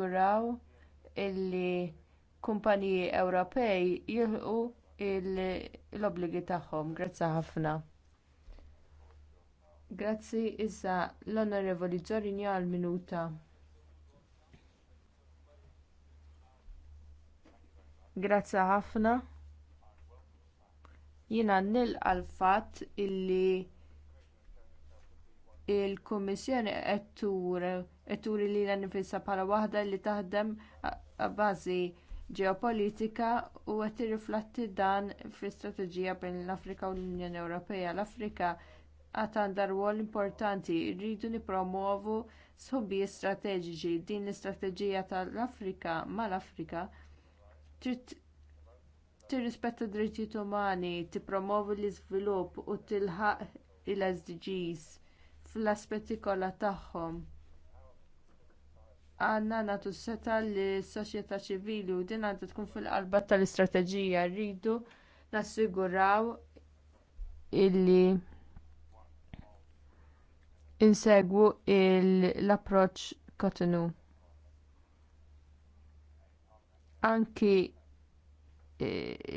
juraw illi kumpaniji Ewropej jilqu l obbligi tagħhom. Grazzi ħafna. Grazzi iżda l-Onorevoli Zorinja għal minuta. Grazzi ħafna. Jiena nil għal fatt illi il-Kummissjoni qed tur turi li l nifissa bħala waħda li taħdem bażi ġeopolitika u qed tirriflatti dan fl-istrateġija bejn l-Afrika u l-Unjoni Ewropea. L-Afrika għad għandha rwol importanti, rridu nippromovu sħubi strateġiċi. Din l-istrateġija tal-Afrika mal-Afrika tirrispetta d drittijiet umani, tippromovi l-iżvilupp u tilħaq il-SDGs fl-aspetti kollha tagħhom għandna nagħtu seta li soċjetà ċivili u din għandha tkun fil-qalba tal-istrateġija rridu nassiguraw illi insegwu l-approċċ kotinu. Anki e,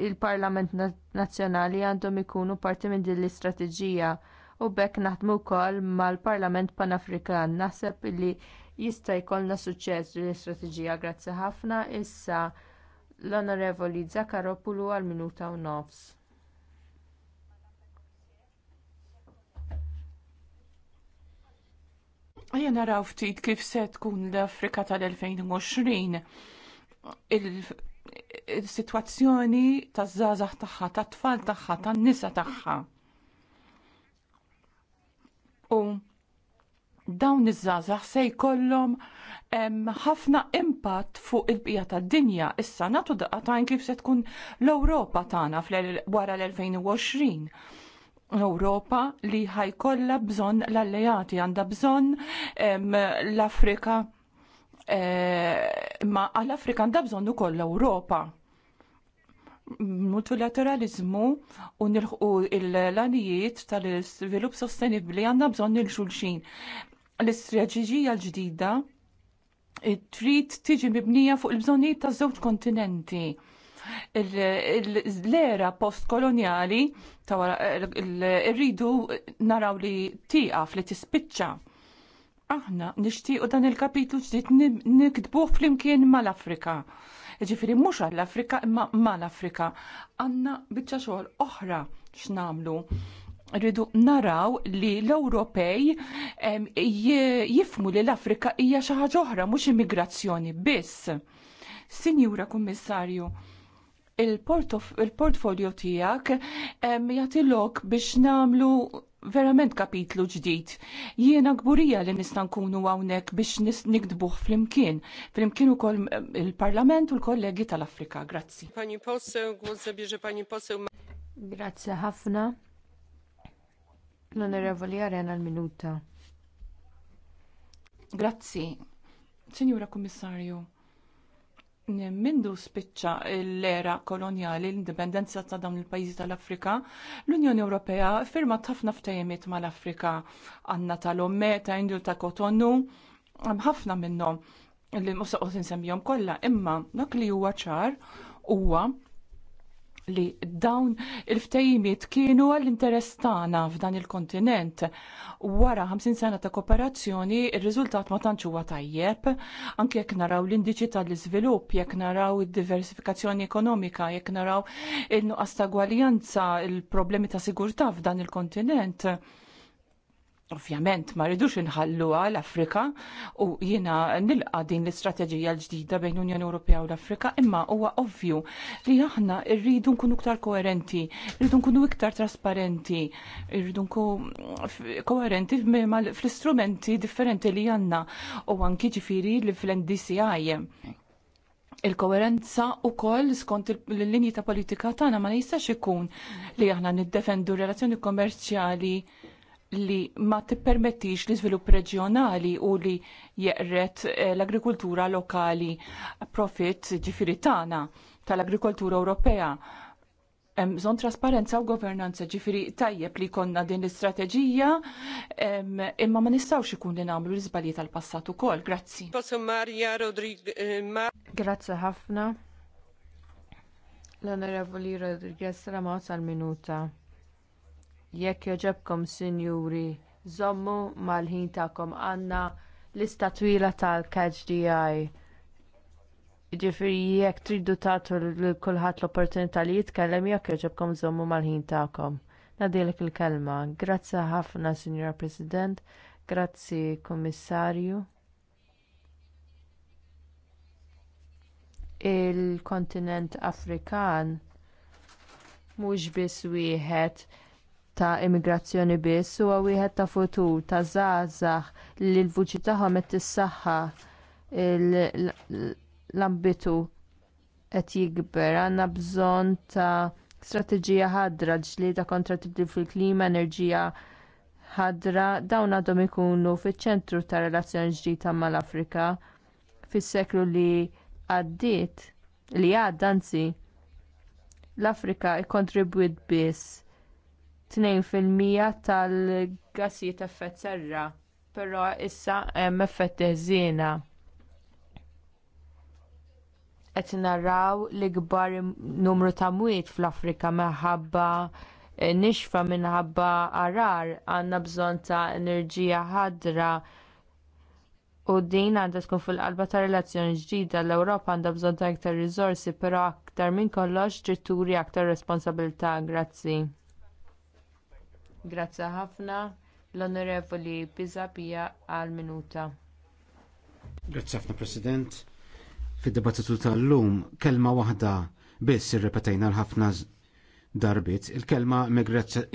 il-Parlament Nazzjonali għandhom ikunu parti minn din l-istrateġija u bekk naħdmu wkoll mal-Parlament Panafrikan. Naħseb li jista' jkollna suċċess l-istrateġija grazzi ħafna issa l-Onorevoli Zakaropulu għal minuta u nofs. Ejja naraw ftit kif se tkun l-Afrika tal-2020 il-situazzjoni taż-żgħażagħ tagħha, tat-tfal tagħha, tan-nisa tagħha. U dawn iż-żgħażagħ se jkollhom ħafna impatt fuq il-bqija tad-dinja. Issa nagħtu daqatajn kif se tkun l-Ewropa tagħna wara l-2020. Ewropa li ħajkollha bżonn l-alleati għandha bżonn l-Afrika e, ma għall-Afrika għandha bżonn ukoll l-Ewropa multilateralizmu u l-lanijiet tal-svilup sostenibli għanna bżon il-xulxin l-istraġiġija l-ġdida trid tiġi mibnija fuq il-bżonijiet ta' żewġ kontinenti. L-era postkoloniali ta' rridu naraw li tieqaf li tispiċċa. Aħna nixtiequ dan il-kapitlu ġdid nikdbuh flimkien mal-Afrika. Ġifiri mhux għall-Afrika imma mal-Afrika. Għandna biċċa xogħol oħra x'namlu rridu naraw li l-Ewropej jifmu li l-Afrika hija xi ħaġa oħra mhux immigrazzjoni biss. Sinjura Kummissarju, il-portfolio il tijak jatilok biex namlu verament kapitlu ġdid. Jiena gburija li nistan kunu għawnek biex nikdbuħ fl-imkien. Fl-imkien u il-parlament u l-kollegi tal-Afrika. Grazzi. Pani poseł, głos zabierze pani poseł. Grazzi ħafna. L-Onorevoli Arena l-Minuta. Grazzi. Signora Kommissarju. mindu spiċċa l-era koloniali l-indipendenza ta' dawn il-pajjiżi tal-Afrika, l-Unjoni Ewropea firmat ħafna ftajemiet mal-Afrika għandna tal-omme, ta' indu ta' Kotonu, ħafna minnhom li musa insemmihom kollha, imma dak li huwa ċar huwa li dawn il-ftejimiet kienu għall-interess tagħna f'dan il-kontinent. Wara 50 sena ta' kooperazzjoni, il riżultat ma tantx huwa tajjeb, anke jekk naraw l-indiċi tal-iżvilupp, jekk naraw id-diversifikazzjoni ekonomika, jekk naraw il-nuqqas ta' gwaljanza, il-problemi ta' sigurtà f'dan il-kontinent Ovvjament ma rridux inħalluha l-Afrika u jiena nilqa din l-istrateġija l-ġdida bejn Unjoni Ewropea u l-Afrika imma huwa ovvju li aħna rridu nkunu iktar koerenti, rridu nkunu iktar trasparenti, rridu nkunu koerenti fl-istrumenti differenti li għandna u anki ġifiri li fl-NDCI il-koerenza u koll skont l-linji ta' politika tagħna ma jistax ikun li aħna niddefendu relazzjoni kommerċjali li ma tippermettix li svilup reġjonali u li jeqret eh, l-agrikultura lokali profit ġifiritana tagħna tal-agrikoltura Ewropea. Hemm bżonn trasparenza u governanza ġifiri tajjeb li konna din l-istrateġija imma ma nistgħux ikun li nagħmlu l-iżbalji tal-passat ukoll. Grazzi. Eh, Grazzi ħafna. L-Onorevoli Rodriguez Ramos għal-minuta. Jekk joġobkom sinjuri, żommu mal-ħin tagħkom għandna lista twila tal-catch DI. Ġifiri, tridu tagħtu lil kulħadd l-opportunità li jitkellem jekk joġobkom żommu mal-ħin tagħkom. Nadilek il-kelma. Grazzi ħafna, Signor President. Grazzi, Kommissarju. il-kontinent Afrikan mhux biss wieħed ta' immigrazzjoni biss huwa wieħed ta' futur ta' żgħażagħ li l-vuċi tagħhom qed tissaħħa l-ambitu qed jikber. Għandna bżonn ta' strateġija ħadra ġlieda kontra tibdil fil-klima, enerġija ħadra dawn għadhom ikunu fiċ-ċentru ta' relazzjoni ġdida mal-Afrika fis-seklu li għaddiet li għadda anzi l-Afrika ikkontribwit biss 2% tal-gassijiet effett serra, però issa hemm effett ħżiena. Qed naraw l-ikbar numru ta' mwiet fl-Afrika minħabba eh, nixfa minħabba arar għandna bżonn ta' enerġija ħadra u din għandha tkun fil-qalba ta' relazzjoni ġdida l-Ewropa għandha bżonn ta' iktar riżorsi, però aktar minn kollox ġitturi aktar responsabilità. Grazzi. Grazzi ħafna l-Onorevoli Pisa Pija għal minuta. Grazzi ħafna President. Fid-dibattitu tal-lum kelma waħda biss irrepetajna l-ħafna darbit il-kelma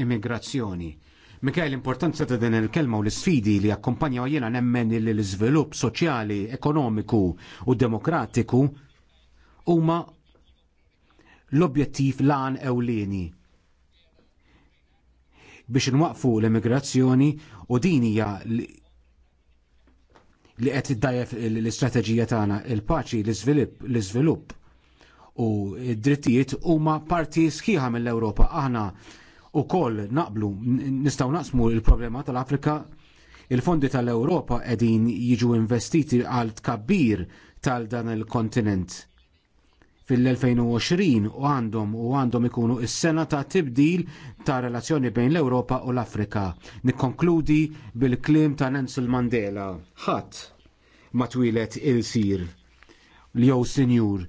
immigrazzjoni. Mikaj l-importanza ta' din il-kelma u l-sfidi li akkompanjaw jiena nemmen li l-iżvilupp soċjali, ekonomiku u demokratiku huma l-objettiv lan ewlieni biex nwaqfu l-immigrazzjoni u din hija li qed iddajjef l-istrateġija tagħna il-paċi, l-iżvilupp u d-drittijiet huma parti sħiħa mill-Ewropa. Aħna wkoll naqblu nistgħu naqsmu l-problema tal-Afrika il-fondi tal-Ewropa qegħdin jiġu investiti għal tkabbir tal dan il-kontinent fil-2020 u għandhom u għandhom ikunu is-sena ta' tibdil ta' relazzjoni bejn l-Ewropa u l-Afrika. Nikkonkludi bil-klim ta' Nelson Mandela. Ħadd ma twilet il-sir li jew sinjur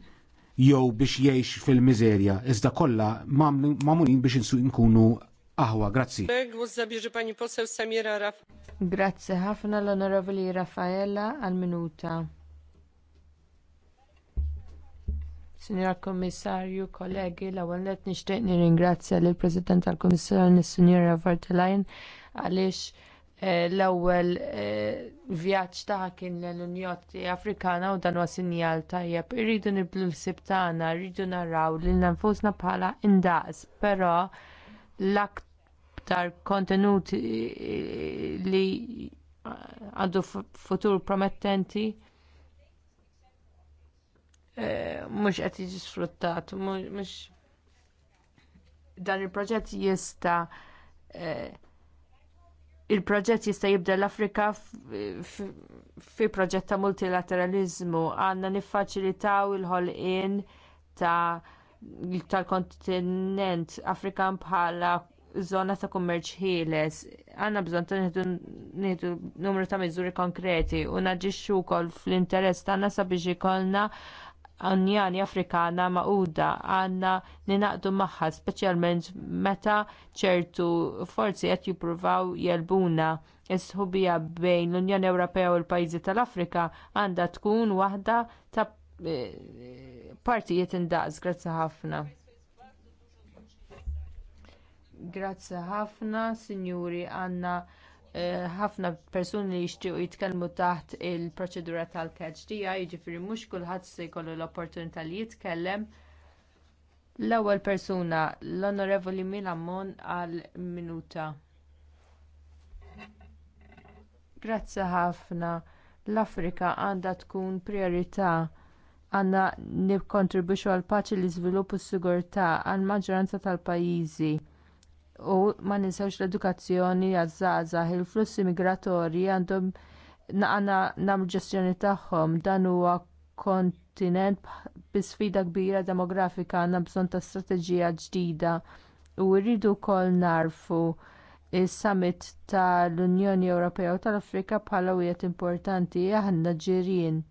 jew biex jgħix fil-miżerja. Iżda kollha ma'munin biex nkunu aħwa, grazzi. Grazzi ħafna l-Onorevoli Raffaella għal-minuta. Sinjora Kommissarju, kollegi, l-ewwel nett nixtieq nirringrazzja lill President tal-Kummissjoni Sinjora Vartelain għaliex eh, l-ewwel eh, vjaġġ taħ kien l-Unjoni Afrikana u dan huwa sinjal tajjeb. Irridu niblu l sibtana tagħna, irridu naraw lil nfusna bħala indaqs, però l-aktar kontenuti eh, li għandu futur promettenti mhux qed jiġi sfruttat, mhux dan il-proġett jista' eh, il-proġett jista' jibda l-Afrika fi proġett ta' multilateralizmu għandna niffaċilitaw il-ħolqien tal-kontinent Afrikan bħala żona ta' kummerċ ħieles. Għanna bżonn ta' nħidu numru ta' miżuri konkreti u naġixxu wkoll fl-interess tagħna sabiex ikollna Unjani Afrikana Magħquda għandna ninaqdu magħha speċjalment meta ċertu forzi qed jippruvaw jelbuna is-sħubija bejn l-Unjoni Ewropea u l-pajjiżi tal-Afrika għandha tkun waħda ta' eh, partijiet indaqs. Grazzi ħafna. Grazzi ħafna, Sinjuri, Anna. Eh, ħafna persuni li jixtiequ jitkellmu taħt il-proċedura tal-catch dija, jiġifieri mhux kulħadd se jkollu l-opportunità li jitkellem. L-ewwel persuna, l-Onorevoli Milamon għal minuta. Grazzi ħafna. L-Afrika għandha tkun priorità għandna nikkontribwixxu għall paċi l-iżvilupp u s-sigurtà għall maġġoranza tal-pajjiżi u ma ninsewx l-edukazzjoni għaż il-flussi migratorji għandhom naqana nagħmlu ġestjoni tagħhom dan huwa kontinent bi sfida kbira demografika għandna bżonn ta' strateġija ġdida u rridu wkoll narfu il summit tal-Unjoni Ewropea u tal-Afrika bħala wieħed importanti aħna ġirien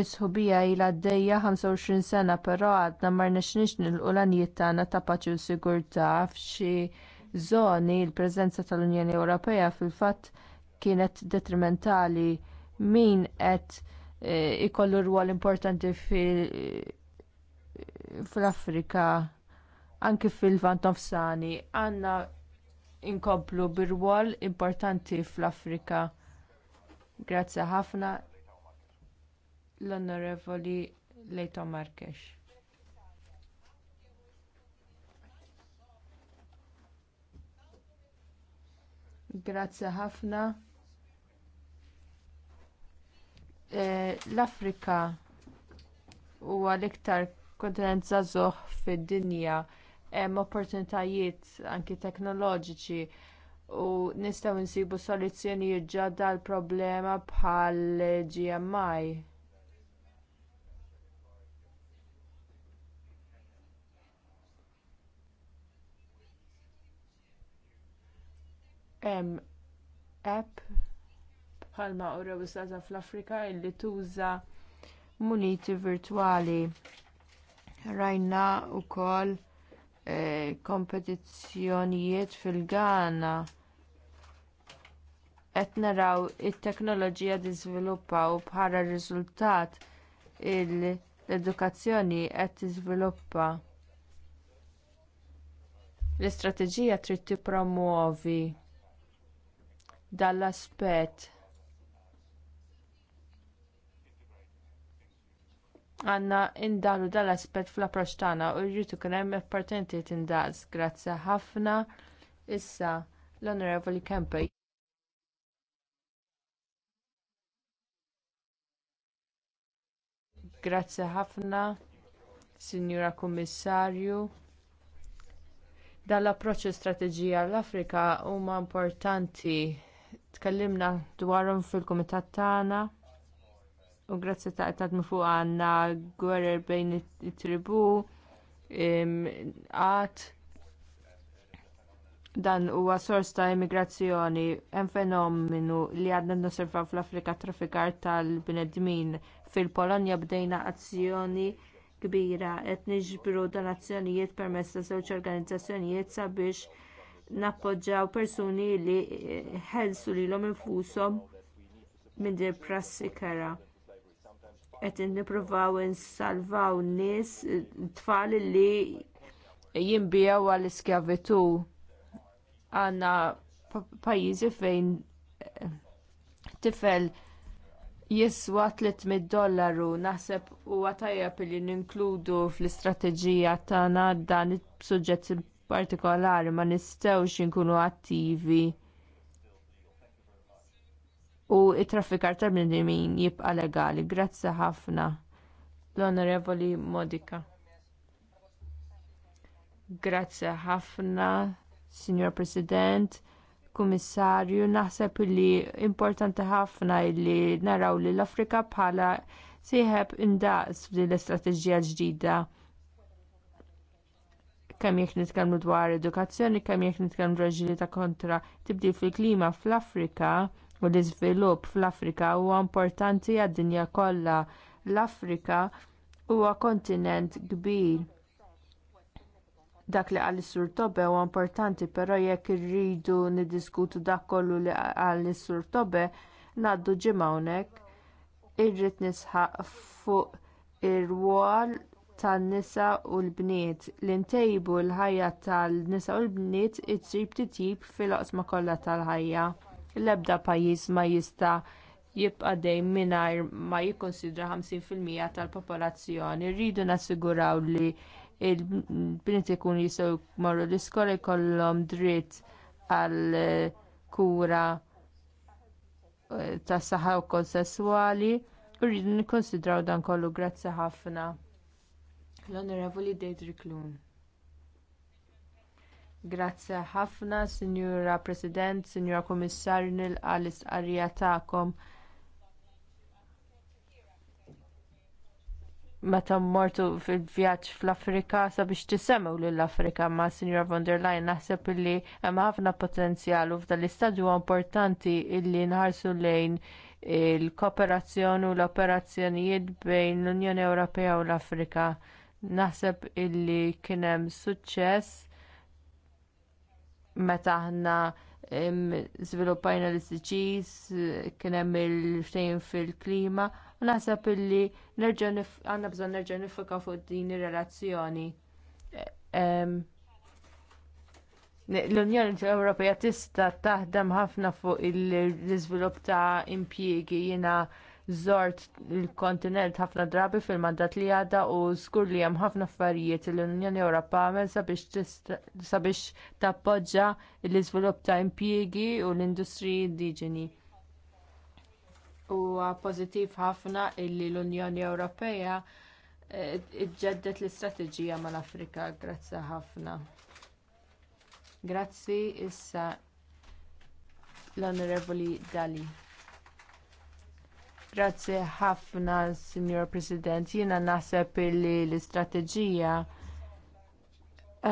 Is-sħubija ilha għaddejja 25 sena però għadna ma rnexniex nil-qulanijiet tagħna ta' paċi u sigurtà f'xi żoni l-preżenza tal-Unjoni Ewropea fil-fatt kienet detrimentali min qed e, ikollu rwol importanti fl-Afrika anki fil-Vant Nofsani għandna inkomplu bir-rwol importanti fl-Afrika. Grazzi ħafna l-Onorevoli Leito Markex. Grazzi ħafna. Eh, L-Afrika huwa l-iktar kontinent żagħżugħ fid-dinja. Hemm opportunitajiet anki teknoloġiċi u nistgħu nsibu soluzzjonijiet ġodda għal problema bħal GMI. hemm app bħalma u rewizzata fl-Afrika illi tuża muniti virtwali. Rajna wkoll eh, kompetizzjonijiet fil-Ghana qed naraw it-teknoloġija tiżviluppaw bħala riżultat l-edukazzjoni qed tiżviluppa. L-istrateġija trid tippromuovi dall aspett Għandna indalu dal aspett fl-approċ tagħna u jrid kien hemm appartenti tindaqs. Grazzi ħafna. Issa l-Onorevoli Kempej. Grazzi ħafna, Sinjura Kummissarju dan l-approċċ strateġija l-Afrika huma importanti tkellimna dwarhom fil-kumitat tagħna u grazzi ta' qed tadmu fuq għandna gwerer bejn it-tribu qatt dan huwa sors ta' immigrazzjoni hemm fenomenu li għadna nosservaw fl-Afrika traffikar tal-bnedmin fil-Polonja bdejna azzjoni kbira qed niġbru donazzjonijiet permezz ta' żewġ organizzazzjonijiet sabiex nappoġġaw persuni li ħelsu lilhom infushom minn dir prassi kera. Qed nippruvaw insalvaw nies tfal li jinbijaw għall iskjavitu għandna pajjiżi fejn eh, tifel jiswa 300 dollaru naħseb huwa tajjeb li ninkludu fl-istrateġija tagħna dan is-suġġett partikolari ma nistgħux inkunu attivi u t traffikar tal-bnedmin jibqa' legali. Grazzi ħafna l-Onorevoli Modika. Grazzi ħafna, Signor President kummissarju naħseb li importanti ħafna li naraw li l-Afrika bħala siħeb indaqs f'din l-istrateġija l ġdida kemm jekk nitkellmu dwar edukazzjoni, kemm jekk nitkellmu dwar kontra tibdil fil-klima fl-Afrika u l-iżvilupp fl-Afrika huwa importanti għad-dinja kollha. L-Afrika huwa kontinent kbir. Dak li għal sur Tobe huwa importanti, però jekk irridu niddiskutu dak kollu li għal sur Tobe ngħaddu ġimgħa hawnhekk irrid nisħaq fuq ir-rwol tan-nisa u l-bniet. Li ntejbu l-ħajja tan-nisa u l-bniet itsib titjib fil-oqsma kollha tal-ħajja. L-ebda pajjiż ma jista' jibqa' dejjem mingħajr ma jikkonsidra 50% tal-popolazzjoni. Rridu nassiguraw li l-bniet ikunu jistgħu jmorru l-iskola jkollhom dritt għal kura eh, tas saħħa wkoll sesswali u rridu nikkonsidraw dan kollu grazzi ħafna. L-Onorevoli Dejtri Klun. Grazzi ħafna, Sinjura President, Sinjura Komissar, nilqa l-istqarrija tagħkom. Meta mmortu fil-vjaġġ fl-Afrika sabiex tissemmew lill-Afrika ma' Sinjura von der Leyen naħseb illi hemm ħafna potenzjal u f'dan l-istadju importanti illi nħarsu lejn il-kooperazzjoni u l-operazzjonijiet bejn l-Unjoni Ewropea u l-Afrika. Naħseb illi kien hemm suċċess meta aħna żviluppajna l-istiċis, kien hemm il-ftejn fil-klima, u naħseb illi għandna bżonn nerġa' nifuka fuq din ir-relazzjoni. L-Unjoni Ewropea tista' taħdem ħafna fuq l-iżvilupp ta' impjiegi jiena żort il-kontinent ħafna drabi fil-mandat li għadda u żgur li hemm ħafna affarijiet li l-Unjoni Ewropa għamel sabiex tappoġġa l-iżvilupp ta' impjiegi u l-industriji indiġeni. Huwa pożittiv ħafna li l-Unjoni Ewropea eh, iġġeddet l-istrateġija mal-Afrika. Grazzi ħafna. Grazzi issa l-Onorevoli Dali. Grazzi ħafna, Signor President. Jiena naħseb li l-istrateġija eh,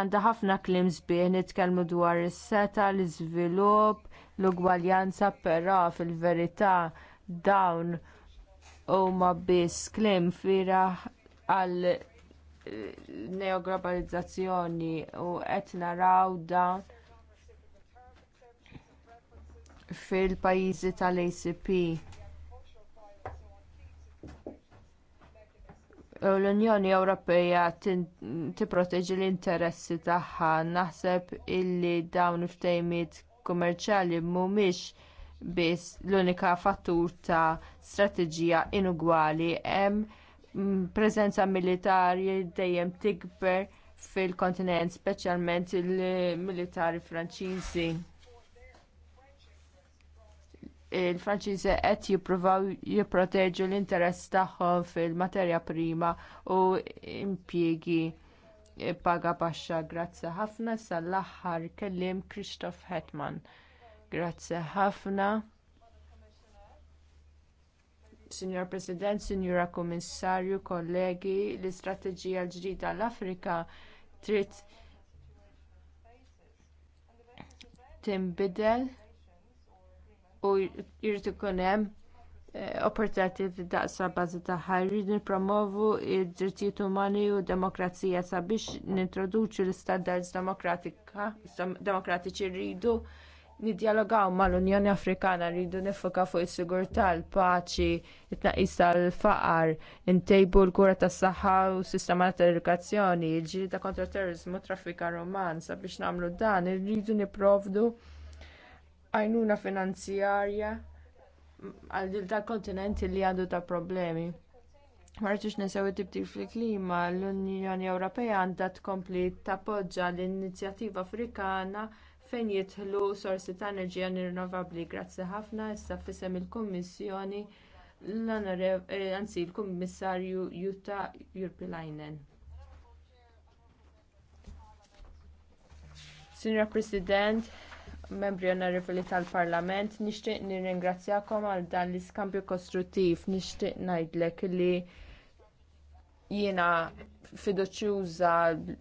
għandha uh, ħafna klims sbieħ nitkellmu dwar is-seta, l-iżvilupp, l-ugwaljanza, però fil-verità dawn huma biss klim fira għal eh, neoglobalizzazzjoni u qed rawda fil-pajjiżi tal-ACP l-Unjoni Ewropea tipproteġi l-interessi tagħha naħseb illi dawn il-ftejmiet kummerċjali mhumiex biss l-unika fattur ta' strateġija inugwali hemm mm, preżenza militari dejjem tikber fil-kontinent, speċjalment il-militari Franċiżi il-Franċiżi qed jippruvaw jipproteġu l-interess tagħhom fil-materja prima u impjiegi paga baxxa. Grazzi ħafna sal-aħħar kellim Kristof Hetman. Grazzi ħafna. Signor President, Signora Kommissarju, kollegi, l-istrateġija l-ġdida l-Afrika trid timbidel u jrid ikun hemm eh, ta' daqsa bażi tagħha jrid nippromovu d-drittijiet umani u d demokrazija sabiex nintroduċu l-istandards demokratiċi rridu nidjalogaw mal-Unjoni Afrikana rridu nifoka fuq is-sigurtà, l-paċi, it-tnaqqis tal-faqar, intejbu l-kura tas-saħħa u s-sistema tal-edukazzjoni, il-ġiri ta' kontra terrorizmu, traffika roman, sabiex nagħmlu dan, irridu nipprovdu għajnuna finanzjarja għal dil ta' kontinent li għandu ta' problemi. Martux nesew tibtil fil-klima, l-Unjoni Ewropea għandha tkompli tappoġġa l-inizjattiva Afrikana fejn jidħlu sorsi ta' enerġija rinnovabbli. Grazzi ħafna issa fisem il-Kummissjoni eh, anzi l-Kummissarju Jutta Jurpilainen. Signor President, membri onorevoli tal-Parlament, nixtieq nirringrazzjakom għal dan l-iskambju kostruttiv, nixtieq ngħidlek li jiena fiduċjuża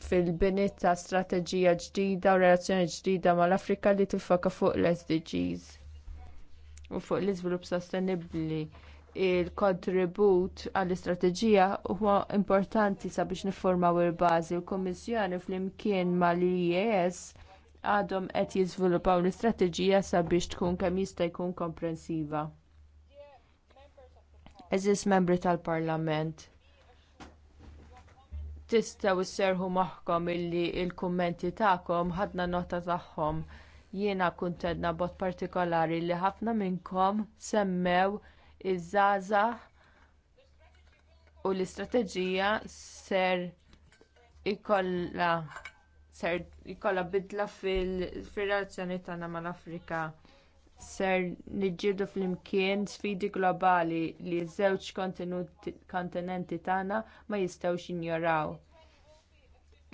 fil-bini ta' strateġija ġdida u relazzjoni ġdida mal-Afrika li tiffoka fuq l-SDGs u fuq l-iżvilupp sostenibbli il-kontribut għall-istrateġija huwa importanti sabiex niffurmaw il-bażi u l-Kummissjoni flimkien mal-IES għadhom qed jiżviluppaw l-istrateġija sabiex tkun kemm jista' jkun komprensiva. Eżis membri tal-Parlament. Tistgħu isserħu magħkom illi l kummenti tagħkom ħadna nota tagħhom. Jiena kuntedna bot partikolari li ħafna minnkom semmew iż-żgħażagħ u l-istrateġija ser ikollha ser jkollha bidla fil-relazzjoni tagħna mal-Afrika ser niġġieldu flimkien sfidi globali li ż-żewġ kontinenti tagħna ma jistgħux jinjoraw.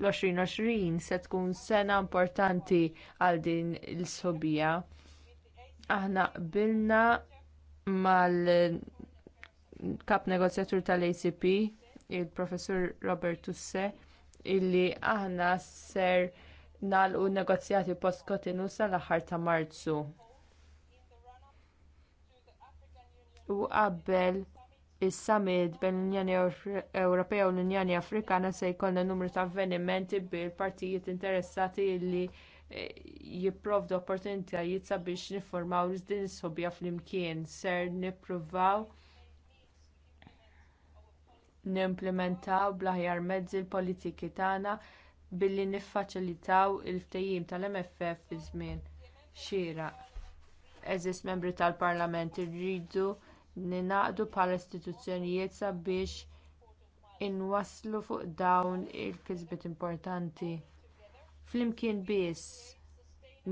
L-2020 se tkun sena importanti għal din il-sobija. Aħna qbilna mal-kap negozjatur tal-ACP, il-professur Robert Tusse, illi aħna ser nagħlqu n negozjati post Kotinu sal-aħħar ta' Marzu. U qabel is-summit bejn l-Unjoni Ewropea u l-Unjoni Afrikana se jkollna numru ta' avvenimenti bil-partijiet interessati li eh, jipprovdu opportunitajiet sabiex niffurmaw din is-sobja flimkien ser nippruvaw nimplementaw bl-aħjar mezzi l-politiki tagħna billi niffaċilitaw il-ftehim tal-MFF fi żmien xieraq. Eżis membri tal-Parlament irridu ninaqdu bħala istituzzjonijiet sabiex inwasslu fuq dawn il-kisbiet importanti. Flimkien biss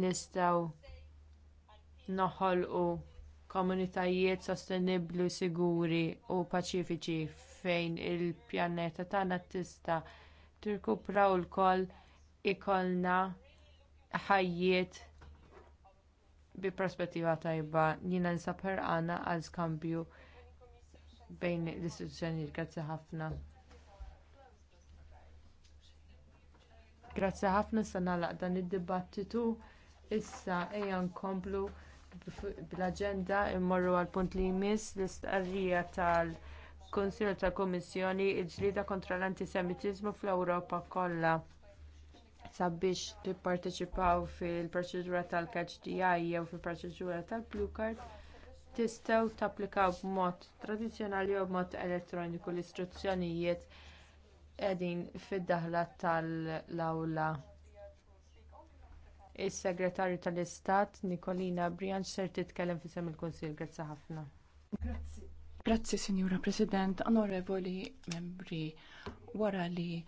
nistgħu noħolqu komunitajiet sostenibbli, siguri u paċifiċi fejn il-pjaneta tagħna tista' tirkupra u ikollna ħajjiet bi prospettiva tajba jiena nsaper għana għal skambju bejn l-istituzzjonijiet. Grazzi ħafna. Grazzi ħafna sa nagħlaq dan id-dibattitu. Issa ejja nkomplu bl-aġenda immorru għall punt li jmiss l-istqarrija tal- kunsill tal-Kummissjoni l-ġlieda kontra l-antisemitiżmu fl-Ewropa kollha sabiex tipparteċipaw fil-proċedura tal khdi jew fil-proċedura tal-Blue Card tistgħu tapplikaw b'mod tradizzjonali jew b'mod elettroniku l-istruzzjonijiet qegħdin fid-daħla tal-awla. Is-Segretarju tal-Istat Nikolina Brian ser titkellem fisem il-Kunsil. Grazzi ħafna. Grazzi. Grazzi, Signora President, onorevoli membri, wara li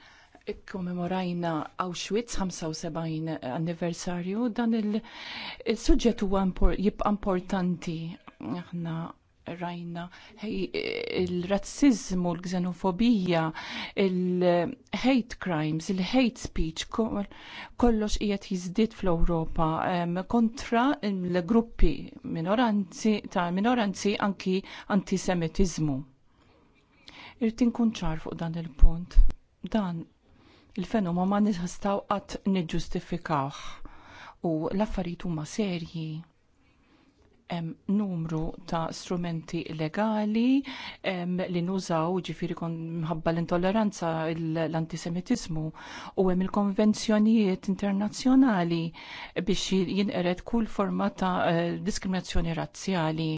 kommemorajna Auschwitz 75 anniversarju, dan il-suġġett il huwa jibqa' importanti aħna rajna il-razzizmu, l-gżenofobija, il-hate crimes, il-hate speech, kollox qiegħed jiżdied fl-Ewropa kontra l-gruppi minoranzi ta' minoranzi anki antisemitiżmu. Irrid inkun ċar fuq dan il-punt. Dan il fenoma ma nistgħu qatt niġġustifikawh u l-affarijiet huma serji hemm numru ta' strumenti legali li nużaw ġifiri kon mħabba l-intolleranza l-antisemitizmu u hemm il-konvenzjonijiet internazzjonali biex jinqered kull forma ta' eh, diskriminazzjoni razzjali.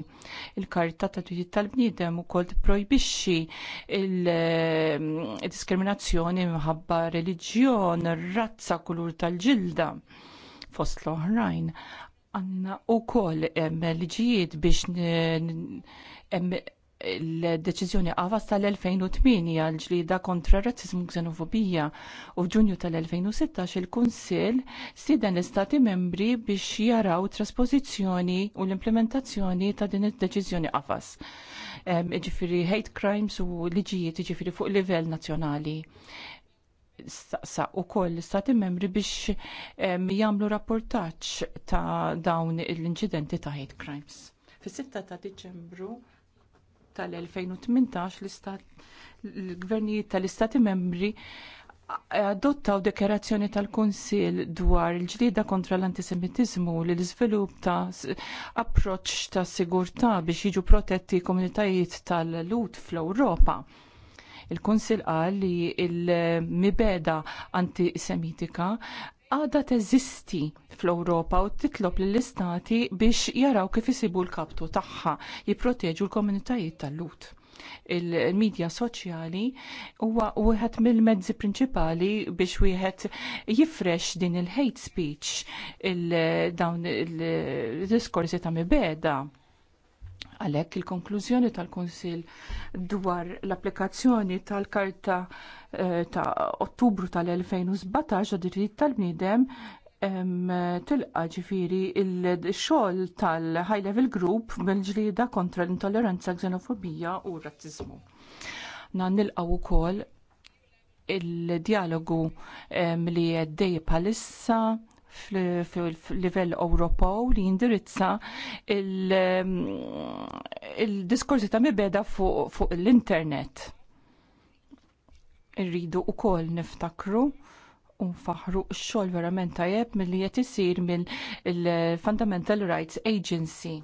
Il-Karta ta' Diritti tal-Bniedem ukoll tipprojbixxi il-diskriminazzjoni mħabba reliġjon, razza, kulur tal-ġilda fost l-oħrajn għanna u koll liġijiet biex l-deċizjoni għavas tal-2008 għal-ġlida kontra razzizmu xenofobija u ġunju tal-2016 il-Kunsil siden l-Stati membri biex jaraw trasposizjoni u l-implementazzjoni ta' din id-deċizjoni għavas. Ġifiri hate crimes u liġijiet ġifiri fuq livell nazjonali staqsa u koll l-istati membri biex jagħmlu rapportaġġ ta' dawn l-inċidenti ta' hate crimes. Fis-6 ta' Diċembru tal-2018 l-gvernijiet tal-istati membri adottaw dekerazzjoni tal-Kunsil dwar il-ġlida kontra l-antisemitizmu li l-izvilup ta' approċ ta' sigurtà biex jiġu protetti komunitajiet tal-lut fl-Ewropa il konsil qal li il-mibeda antisemitika għada teżisti fl-Europa u titlob lill-istati biex jaraw kif isibu l-kaptu tagħha jipproteġu l-komunitajiet tal-lut il-medja soċjali huwa wieħed mill-mezzi prinċipali biex wieħed jifrex din il-hate speech il dawn il-diskorsi ta' mibeda Għalhekk il-konklużjoni tal-Kunsill dwar l-applikazzjoni tal-Karta eh, ta' Ottubru tal-2017 għad dritt tal-bniedem tilqa ġifiri il-xol tal-high level group mill-ġlida kontra l-intolleranza, xenofobija u r razzizmu. Nan nilqaw ukoll il-dialogu li għeddej palissa fil-livell Ewropew li jindirizza mm, il-diskorsi ta' mibeda fuq l-internet. Irridu u koll niftakru u x-xol verament tajjeb mill-li jett isir mill-Fundamental Rights Agency.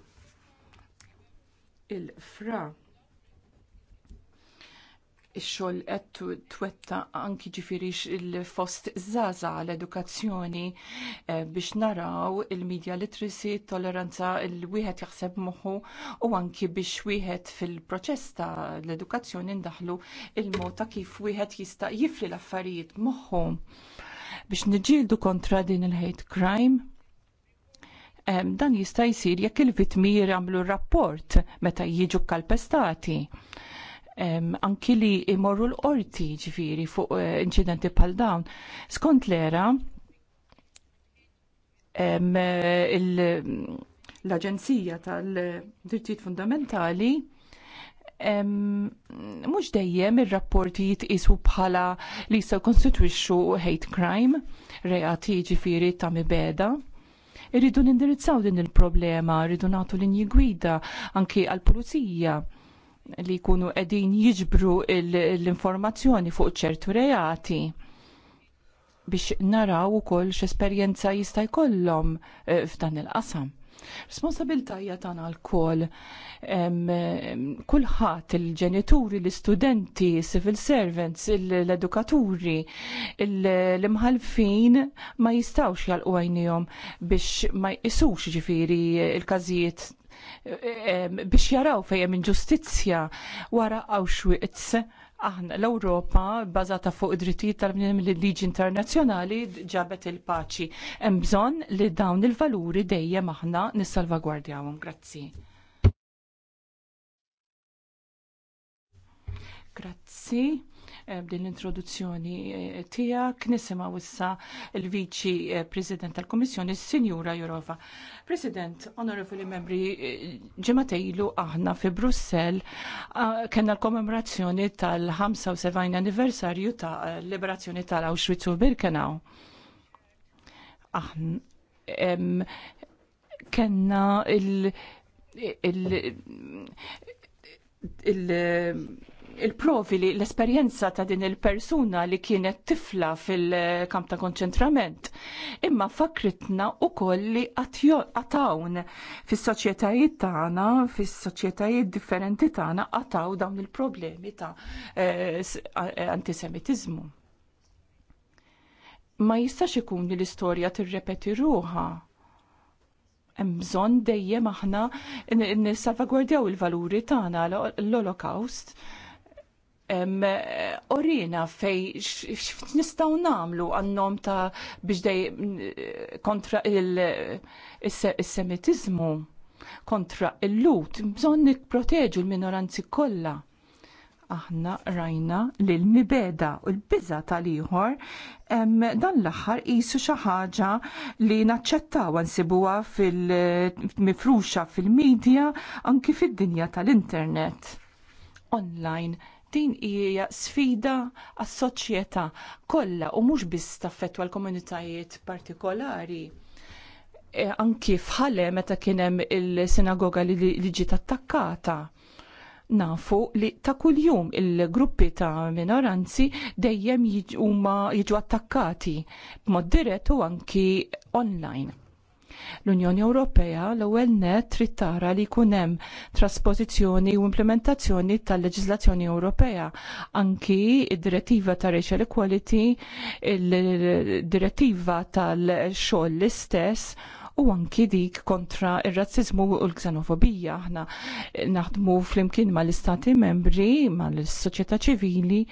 Il-FRA ix-xogħol qed twetta anki ġifieri il-fost żaża l-edukazzjoni eh, biex naraw il-media literacy, tolleranza l wieħed jaħseb moħħu u anki biex wieħed fil-proċess l-edukazzjoni ndaħlu il-mod ta' kif wieħed jista' jifli l-affarijiet moħħu biex nġildu kontra din il-hate crime dan jista' jsir jekk il-vitmi jiramlu rapport meta jiġu kalpestati anki li imorru l-qorti ġifiri fuq eh, inċidenti bħal dawn. Skont l-era, eh, l-Aġenzija tal-Drittijiet Fundamentali mhux dejjem ir-rapporti jitqisu bħala li se konstitwixxu hate crime, reati ġifiri ta' mibeda. Irridu nindirizzaw din il-problema, irridu nagħtu linji gwida anki għall-pulizija li jkunu qegħdin jiġbru l-informazzjoni fuq ċertu reati biex naraw ukoll x'esperjenza jista' jkollhom eh, f'dan il-qasam. Responsabilta hija tagħna l kulħadd il-ġenituri, l-istudenti, civil servants, l-edukaturi, l-imħalfin ma jistawx jalqu għajnihom biex ma jqisux ġifiri il-każijiet Eh, eh, biex jaraw fejn inġustizzja wara Auschwitz aħna l-Ewropa bbażata fuq id-drittijiet tal-bniedem lill-liġi internazzjonali ġabet il-paċi. Hemm bżonn li dawn il-valuri dejjem aħna nissalvagwardjawhom. Grazzi. Grazzi. Eh, din l-introduzzjoni eh, tijak. nisimgħu issa l-Viċi eh, President tal-Kummissjoni, Signora Jorova. President, onorevoli membri, ġematejlu aħna fi Brussell kellna l-kommemorazzjoni tal-75 anniversarju ta' liberazzjoni tal-Auschwitz u Birkenau. Aħna kena il, il, il il-provi li l-esperjenza ta' din il-persuna li kienet tifla fil-kamp ta' konċentrament. Imma fakritna u koll li għatawn fis-soċjetajiet tagħna, fis-soċjetajiet differenti tagħna għataw dawn il-problemi ta' eh, antisemitizmu. Ma jistax ikun li l-istorja tirrepeti ruha bżon dejjem aħna nissalvagwardjaw il-valuri tagħna l-Holocaust Eh, orina fej nistaw namlu għannom ta' biex dej mm, eh, kontra il-semitizmu, eh, kontra il-lut, bżon proteġu l-minoranzi kolla. Aħna rajna l-mibeda u l-biza tal-ieħor dan l-aħħar qisu xi ħaġa li naċċettaw nsibuha fil-mifruxa fil-medja anki fid-dinja tal-internet online Din hija sfida għas-soċjetà kollha u mhux biss taffettwa l-komunitajiet partikolari. E, anki fħalle meta kien hemm il-sinagoga li, li ġiet attakkata nafu li ta' kuljum il-gruppi ta' minoranzi dejjem huma jiġu attakkati b'mod dirett u anki online. L-Unjoni Ewropea l-ewwel net trid tara li jkun hemm trasposizzjoni u implementazzjoni tal-leġiżlazzjoni Ewropea, anki id-direttiva ta' racial equality, il-direttiva tal-xogħol l-istess u anki dik kontra ir-razzizmu u l-ksenofobija. Aħna naħdmu flimkien mal istati membri, mal-soċjetà ċivili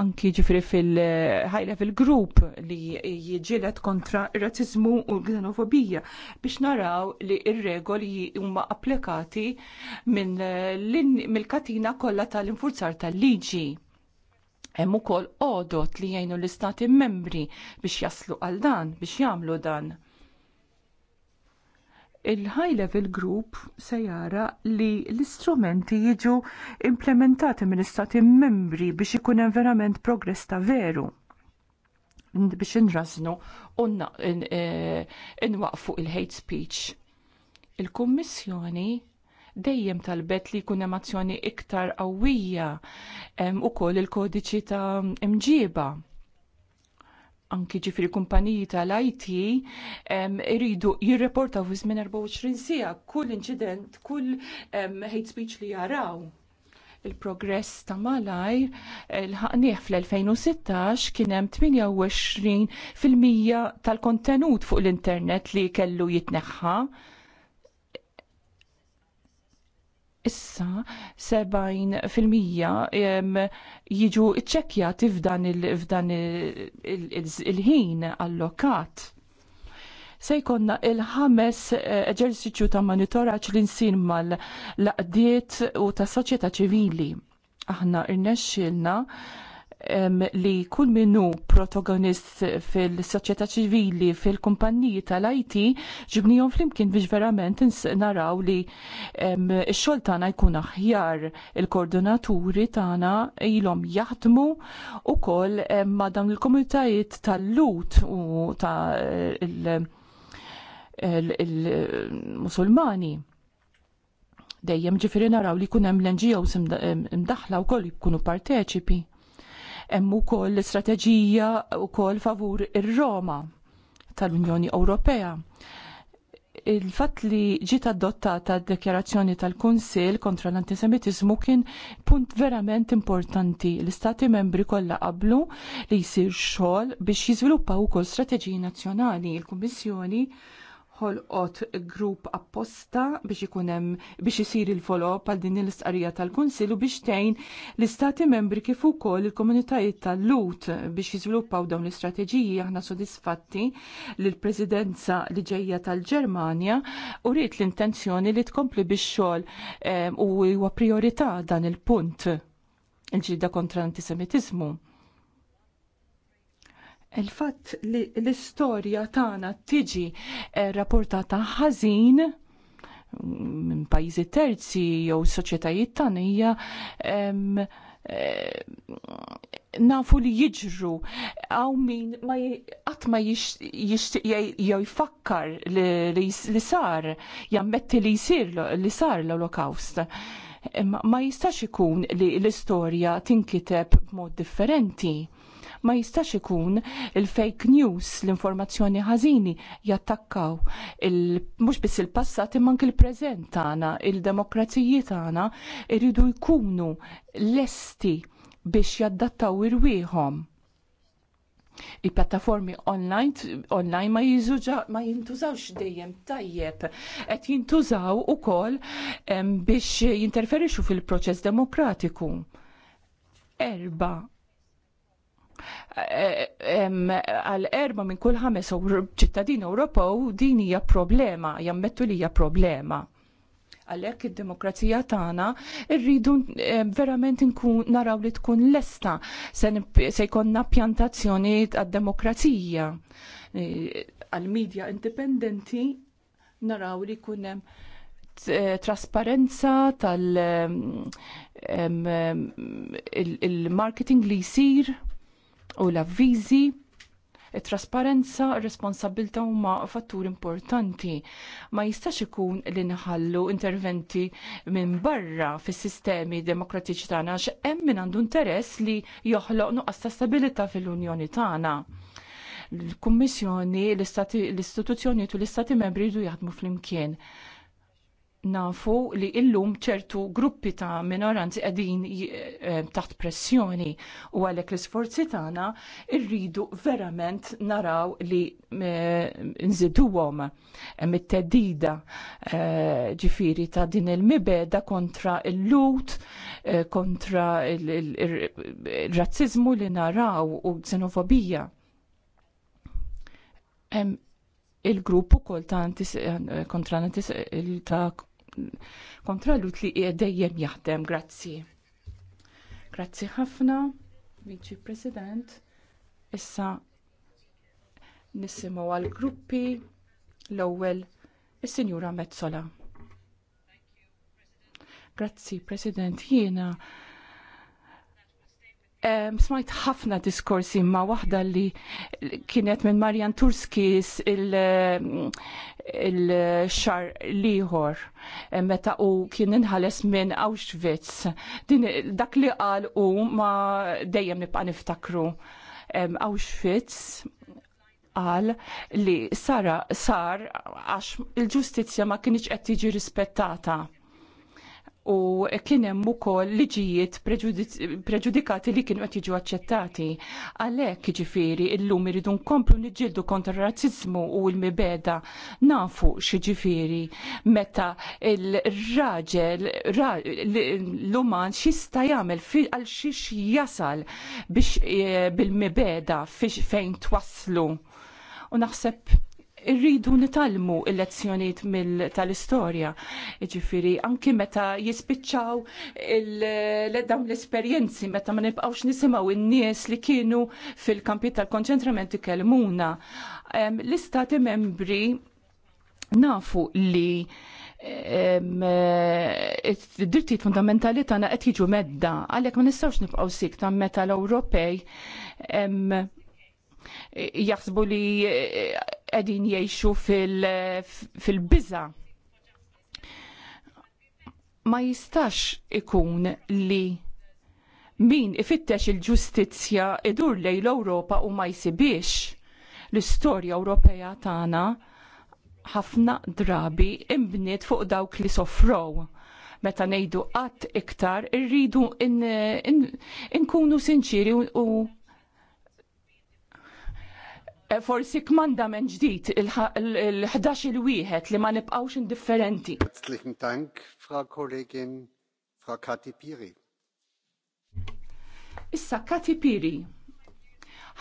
anki ġifri fil-ħajla fil-grup li jieġilet kontra razzizmu u xenofobija biex naraw li ir-regoli huma applikati mill-katina kollha tal-infurzar tal-liġi. Hemm ukoll għodot li jgħinu l-istati membri biex jaslu għal dan, biex jagħmlu dan il-high level group se jara li l-istrumenti jiġu implementati minn istati membri biex ikun hemm verament progress ta' veru biex inraznu u e, inwaqfu il-hate speech. Il-Kummissjoni dejjem talbet li jkun hemm azzjoni iktar qawwija koll il-kodiċi ta' imġiba anki ġifri kumpaniji tal-IT iridu jirreportaw fi żmien 24 sija kull incident, kull hate speech li jaraw. Il-progress ta' malajr eh, l-ħaqniħ fl-2016 kien hemm 28% fil-mija tal-kontenut fuq l-internet li kellu jitneħħa issa 70% jiġu ċċekkjati f'dan il-ħin allokat. Se jkollna il-ħames eġersiċju eh, ta' monitoraċ li nsir mal-laqdiet u tas soċjetà ċivili. Aħna irnexxilna li kull minnu protagonist fil-soċjetà ċivili, fil-kumpanniji tal-IT, ġibnijom flimkien biex verament naraw li x-xogħol tagħna jkun aħjar il-koordinaturi tagħna ilhom jaħdmu kol ma' dawn il-komunitajiet tal-lut u ta' il-musulmani dejjem ġifiri naraw li kunem l-NGOs mdaħla u koll jkunu parteċipi. Hemm ukoll l-istrateġija wkoll favur ir-Roma tal-Unjoni Ewropea. Il-fatt li ġiet adottata d-dekjarazzjoni tal-Kunsill kontra l-antisemitiżmu kien punt verament importanti. L-Istati membri kollha qablu li jsir xogħol biex jiżviluppaw ukoll strateġiji nazzjonali. Il-Kummissjoni il kummissjoni ħolqot grupp apposta biex ikun hemm biex isir il-folo għal din l-istqarrija tal-Kunsill u biex tgħin l-istati membri kif ukoll il-komunitajiet tal-lut biex jiżviluppaw dawn l-istrateġiji aħna sodisfatti li l-Presidenza li ġejja tal-Ġermanja u rrit l-intenzjoni li tkompli biex xogħol eh, u huwa priorità dan il-punt il-ġilda kontra antisemitizmu il-fatt li l-istorja tagħna tiġi eh, rapportata ħażin minn pajjiżi terzi jew soċjetajiet tagħna hija eh, nafu li jiġru għaw min ma għat ma jfakkar li sar jammetti li jisir li sar l-Holocaust. Ma jistax ikun li l-istorja tinkiteb b'mod differenti Ma jistax ikun il-fake news, l-informazzjoni ħażini jattakkaw mhux biss il-passat imma anke il-preżent tagħna, il demokrazijiet tagħna irridu jkunu lesti biex jaddattaw irwieħhom il-plattaformi online, online ma, jizuġa, ma jintużawx dejjem tajjeb, qed jintużaw ukoll biex jinterferixu fil-proċess demokratiku. Erba' Eh, għal erba minn kull ħames ċittadin Ewropew din hija problema, jammettu li hija problema. Għalhekk id-demokrazija tagħna rridu verament nkun naraw li tkun lesta se jkollna pjantazzjoni għad-demokrazija. E, Għal-medja indipendenti naraw li jkun hemm eh, trasparenza tal-marketing li jsir u l-avviżi it-trasparenza, responsabilta huma fattur importanti. Ma jistax ikun li nħallu interventi minn barra fis sistemi demokratiċi tagħna għax hemm min għandu interess li joħloq nuqqas ta' stabilità fil-Unjoni tagħna. L-Kummissjoni, l-Istituzzjoni u l-Istati membri jdu jaħdmu flimkien nafu li illum ċertu gruppi ta' minoranzi qegħdin eh, eh, taħt pressjoni u għalhekk l-isforzi tagħna rridu verament naraw li eh, nżiduhom mit-teddida ġifiri ta' din il-mibeda kontra il-lut, kontra il-razzizmu li naraw u xenofobija il-grupp ukoll ta' kontra ta' kontralut li dejjem jaħdem. Grazzi. Grazzi ħafna, Viċi President. Issa nisimgħu għall gruppi l-ewwel is-Sinjura Mezzola. Grazzi, President, jiena smajt ħafna diskorsi ma waħda li kienet minn Marjan Turskis il-xar liħor meta u kien inħales minn Auschwitz. Din, dak li qal u ma dejjem nibqa' niftakru. Auschwitz qal li sara sar għax il-ġustizzja ma kienx qed tiġi rispettata u kien hemm ukoll liġijiet preġudikati li kienu għatiġu jiġu aċċettati. Għalhekk jiġifieri llum iridu nkomplu niġġieldu kontra r u l-mibeda nafu x'jiġifieri meta il-raġel l-uman xista' jagħmel għal xix jasal biex eh, bil-mibeda fejn twasslu. U naħseb irridu nitalmu il-lezzjoniet tal-istorja. Ġifiri, anki meta jispiċċaw dawn l-esperienzi, meta ma nibqawx nisimaw in-nies li kienu fil-kampi tal-konċentramenti kelmuna. L-istati membri nafu li id-drittijiet fundamentali tagħna qed jiġu medda, għalhekk ma nistgħux nibqgħu sik ta' meta l-Ewropej jaħsbu li qegħdin jgħixu fil biza Ma jistax ikun li min ifittex il-ġustizzja idur lejn l-Ewropa u ma jsibiex l-istorja Ewropea tagħna ħafna drabi imbniet fuq dawk li sofrow. Meta nejdu qatt iktar irridu nkunu sinċiri u Eh, forsi men ġdid il-11 il-wieħed li ma nibqawx indifferenti. Herzlichen Dank, Frau Kollegin, Frau Kati Piri. Issa Kati Piri.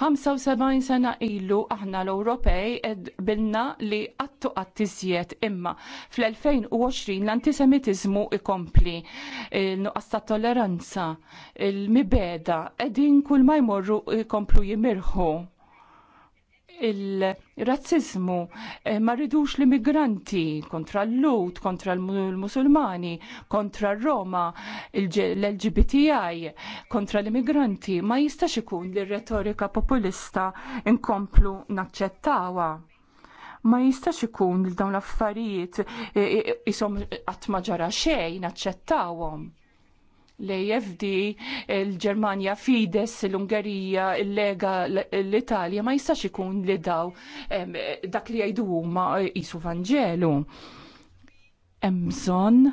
75 sena ilu aħna l-Ewropej ed bilna li għattu għattiżjed imma fl-2020 l-antisemitizmu ikompli nuqqas ta' tolleranza, il-mibeda, edin kull ma jmorru ikomplu jimirħu il-razzizmu, eh, ma rridux l-immigranti kontra l-lut, kontra l-musulmani, kontra r-Roma, l-LGBTI, kontra l-immigranti, ma jistax ikun li retorika populista inkomplu naċċettawa. Ma jistax ikun li dawn l-affarijiet jisom eh, eh, għatma ġara xejn naċċettawhom l-AFD, il-Germania, Fides, l-Ungerija, il-Lega, l-Italja, ma jistax ikun li daw dak li jgħidu huma jisu Vangelu. Hemm bżonn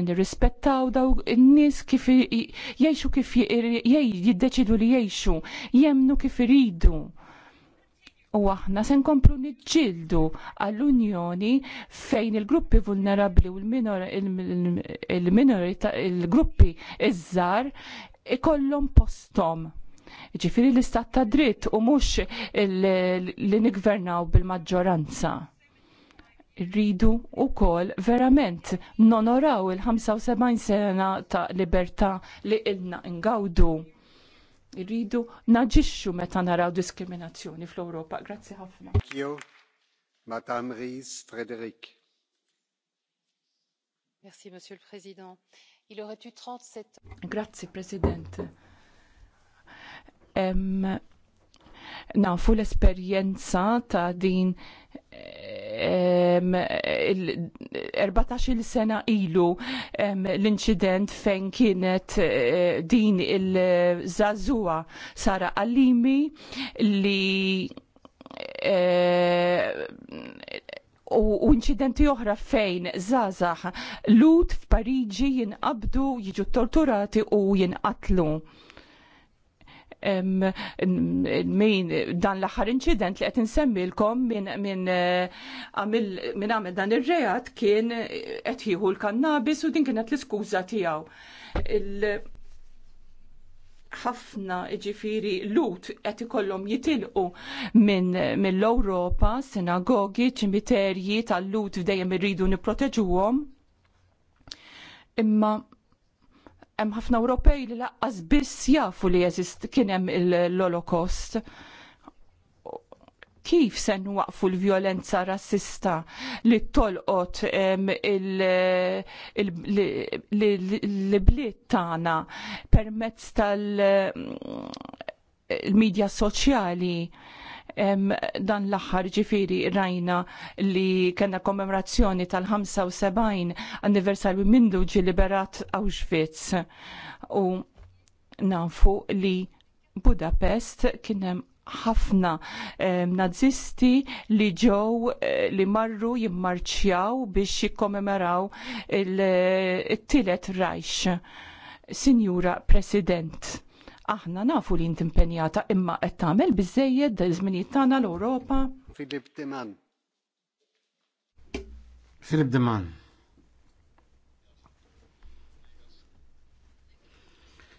nirrispettaw daw n-nis kif jgħixu kif jiddeċidu li jgħixu, jiexu kif iridu u aħna se nkomplu niġġieldu għall-Unjoni fejn il-gruppi vulnerabbli u l-minorita il-gruppi iż-żar ikollhom postom. Ġifiri l-istat ta' dritt u mhux li nigvernaw bil-maġġoranza. Rridu u kol verament nonoraw il-75 sena ta' libertà li ilna ingawdu Irridu naġixxu meta naraw diskriminazzjoni fl-Ewropa. Grazzi ħafna. Madame Ries Frédéric. Merci, Monsieur le Président. Il aurait eu 37 ans. Grazie, President. Um, nafu l-esperienza ta' din e, 14 sena ilu l-inċident fejn kienet eh, din il-żazua Sara Alimi li eh, u incidenti oħra fejn zazax lut f'Pariġi jinqabdu jiġu torturati u jinqatlu min dan l-aħħar incident li qed insemmilkom minn min eh, għamil dan ir-reat kien qed jieħu l-kannabis u din kienet l-iskuża tiegħu. Ħafna ġifiri lut qed ikollhom jitilqu minn mill-Ewropa, sinagogi, ċimiterji tal-lut dejjem irridu nipproteġuhom. Imma hemm ħafna Ewropej li laqqas biss jafu li jeżist kien hemm l-Holocaust. Kif se nwaqfu l-vjolenza rassista li tolqot l-bliet tagħna permezz tal-medja mm, soċjali? dan l-aħħar ġifiri rajna li kena kommemorazzjoni tal-75 anniversarju mindu ġi liberat Auschwitz u nafu li Budapest kienem ħafna eh, nazisti li ġew eh, li marru jimmarċjaw biex jikkomemoraw il-tielet eh, rajx. Sinjura President Aħna nafu li jintimpenjata impenjata imma qed tagħmel biżejjed żminijiet tagħna l-Ewropa. Filip Diman. Filip Diman.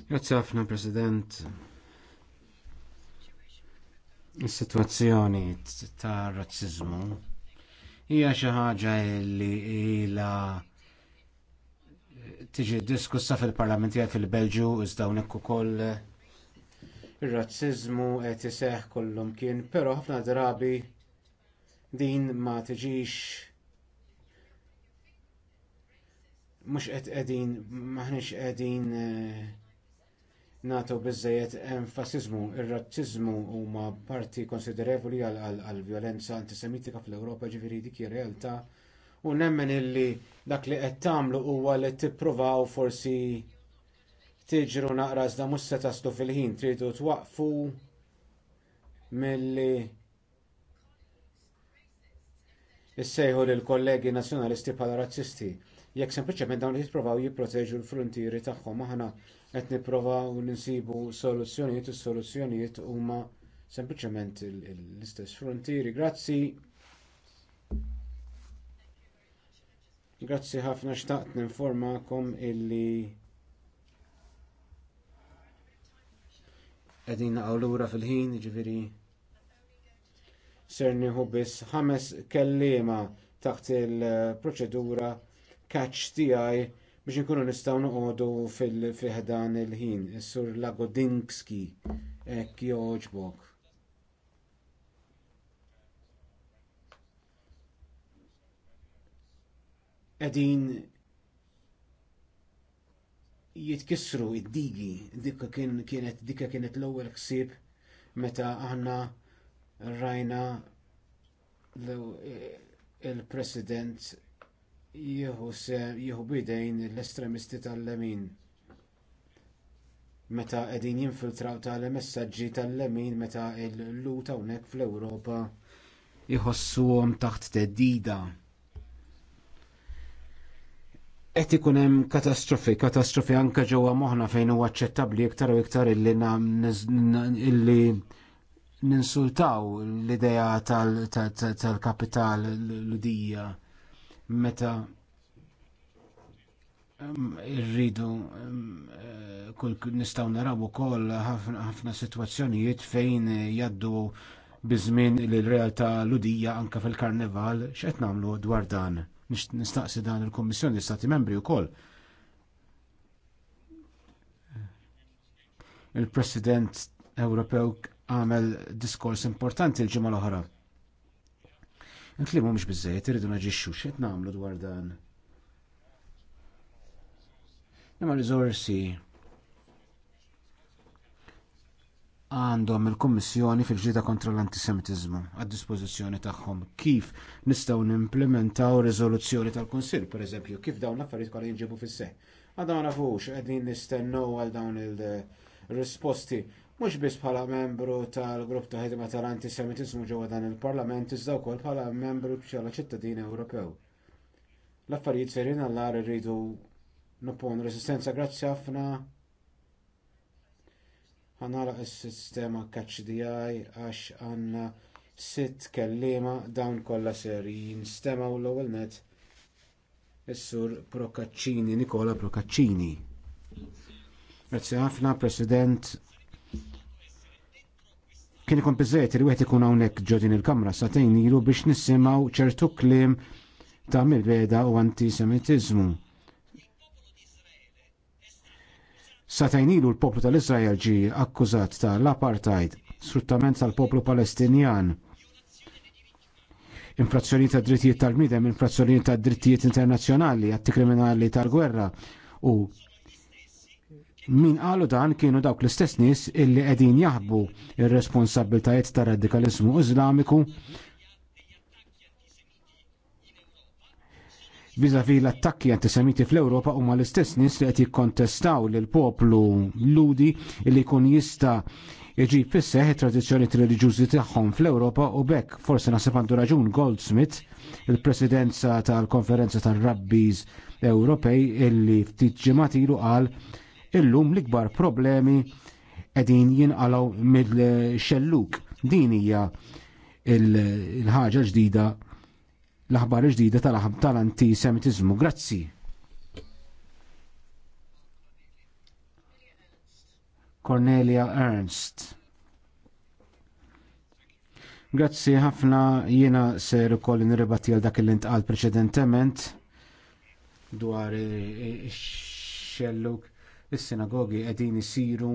Grazie ħafna President. Is-sitwazzjoni ta' razziżmu hija xi ħaġa li ilha tiġi diskussa fil-Parlament fil-Belġu iżda hawnhekk ukoll ir-razziżmu qed iseħħ kollhom kien, però ħafna drabi din ma tiġix mhux qed qegħdin maħniex qegħdin eh, nagħtu biżżejjed enfasiżmu, ir-razziżmu huma parti konsiderevoli għall vjolenza antisemitika fl-Ewropa ġifieri dik hija realtà u nemmen illi dak li qed tagħmlu huwa li tippruvaw forsi tiġru naqra iżda mhux se taslu fil-ħin tridu twaqfu milli issejħu lill kollegi nazzjonalisti bħala razzisti. Jekk sempliċement dawn jipprovaw jipproteġu l-frontieri tagħhom aħna qed nipprovaw ninsibu soluzzjonijiet u soluzzjonijiet huma sempliċement l-istess frontieri. Grazzi. Grazzi ħafna xtaqt ninformakom illi Qegħdin naqgħu lura fil-ħin, jiġifieri ser nieħu biss ħames kelliema taħt il-proċedura catch tiegħi biex inkunu nistgħu noqogħdu fil-ħdan il-ħin. Is-sur Lagodinski hekk jogħġbok. Qegħdin jitkissru id-digi, dikka kienet, dikka kienet l-ewwel ksib meta aħna rajna il-president jieħu jieħu bidejn l-estremisti tal-lemin. Meta qegħdin jinfiltraw tal-messaġġi tal-lemin meta l-luta hawnhekk fl-Ewropa jħossuhom taħt theddida qed ikun hemm katastrofi, katastrofi anke ġewwa moħħna fejn huwa aċċettabbli iktar u iktar illi illi ninsultaw l-idea tal-kapital l-udija meta irridu eh, kull nistgħu naraw ukoll ħafna sitwazzjonijiet fejn jaddu bizmin l-realtà l-udija anke fil-karneval x'qed nagħmlu dwar dan nistaqsi dan il-Kommissjoni l-Stati membri wkoll. Il-President Ewropew għamel diskors importanti l-ġimgħa l-oħra. Il-klimu mhux biżejjed irridu naġixxu x'qed nagħmlu dwar dan. Imma riżorsi għandhom il-Kummissjoni fil-ġlida kontra l-antisemitizmu għad dispożizzjoni tagħhom kif nistgħu nimplementaw riżoluzzjoni tal-Kunsill, pereżempju, kif dawn l-affarijiet kollha jinġibu fis-seħ. Għadha ma nafux qegħdin nistennew għal dawn il-risposti mhux biss bħala membru tal-grupp ta' ħidma tal-antisemitizmu ġewwa dan il-Parlament iżda wkoll bħala membru bħala ċittadini Ewropew. L-affarijiet serin għall-għar irridu noppon resistenza grazzi ħafna ħanara s-sistema KHDI għax għandna sitt kelliema dawn kollha ser u l-ewwel net is-sur Procaccini, Nikola Procaccini. Grazzi ħafna, President. Kien ikun biżejt li wieħed ikun hawnhekk ġodin il-Kamra satejn ilu biex nisimgħu ċertu kliem ta' mill-beda u antisemitiżmu Satajnilu l-poplu tal-Izrael ġi akkużat tal-apartheid, sfruttament tal-poplu palestinjan, infrazzjoni ta' drittijiet tal-midem, infrazzjoni ta' drittijiet internazzjonali, għatti kriminali tal-gwerra u min qalu dan kienu dawk l-istess nies illi qegħdin jaħbu ir-responsabiltajiet tar radikalizmu Iżlamiku Vizavi l-attakki antisemiti fl-Europa huma l-istess nies li qed jikkontestaw l poplu ludi li jkun jista' jġib tradizjoni t reliġjużi tagħhom fl-Ewropa u bekk forsi nasib għandu raġun Goldsmith, il-presidenza tal-konferenza tal-Rabbiż Ewropej illi ftit ġimgħat ilu qal illum l-ikbar problemi qegħdin jinqalgħu mill-xelluk. Din hija il-ħaġa ġdida l-aħbar ġdida tal-aħb tal-antisemitizmu. Grazzi. Cornelia Ernst. Grazzi ħafna jiena ser ukoll nirribati għal dak il-intqal preċedentement dwar ix-xelluk is-sinagogi qegħdin isiru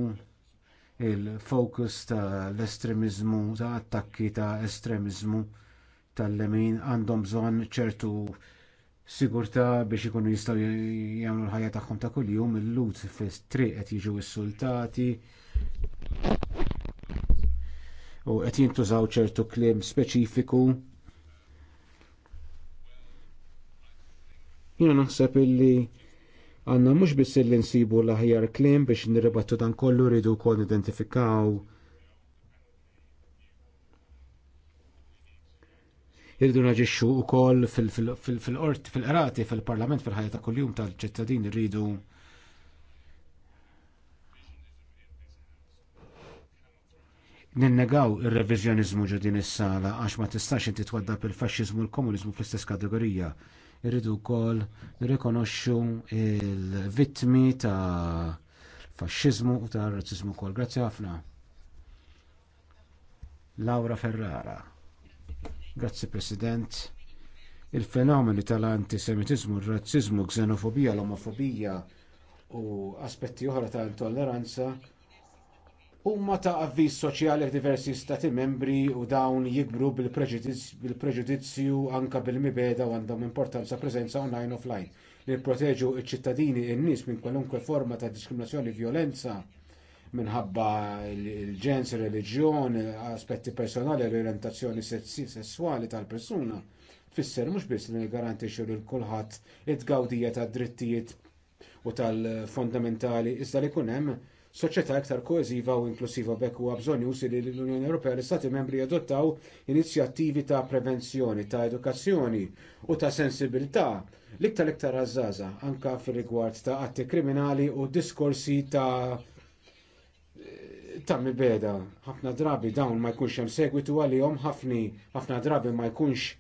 il-fokus tal estremiżmu ta' attakki ta' estremiżmu tal-lemin għandhom bżonn ċertu sigurtà biex ikunu jistgħu jagħmlu l-ħajja tagħhom ta' kuljum il-lut fit-triq qed jiġu issultati u qed jintużaw ċertu kliem speċifiku. Jiena naħseb illi għandna mhux biss li nsibu l-aħjar kliem biex nirribattu dan kollu rridu wkoll nidentifikaw irridu naġixxu wkoll fil-qort fil-qrati fil-parlament fil-ħajja ta' kuljum tal-ċittadin irridu Ninnegaw ir-reviżjoniżmu ġo din is-sala għax ma tistax inti twaddab il-faxxiżmu u l-komuniżmu fl-istess kategorija. Irridu wkoll nirrikonoxxu il-vittmi ta' faxxiżmu u ta' razzizmu wkoll. Grazzi ħafna. Laura Ferrara. Grazzi President. Il-fenomeni tal-antisemitizmu, r-razzizmu, xenofobija, l-omofobija u aspetti oħra ta' intolleranza huma ta' avviż soċjali diversi stati membri u dawn jikbru bil-preġudizzju anke bil-mibeda u għandhom importanza preżenza online offline li proteġu ċ ċittadini in nies minn kwalunkwe forma ta' diskriminazzjoni vjolenza minħabba l-ġens, il-reġjon, aspetti personali, l-orientazzjoni sessuali tal-persuna, fisser mhux biss li garantixu lil kulħadd it-gawdija tad drittijiet u tal fundamentali iżda li jkun hemm soċjetà iktar koeżiva u inklusiva bekk huwa bżonn jusi li l-Unjoni Ewropea l-Istati membri jadottaw inizjattivi ta' prevenzjoni, ta' edukazzjoni u ta' sensibilità l-iktar iktar għazzaza anka fir rigward ta' atti kriminali u diskorsi ta' ta' beda, ħafna drabi dawn ma jkunx hemm segwitu għalihom ħafni, ħafna drabi ma jkunx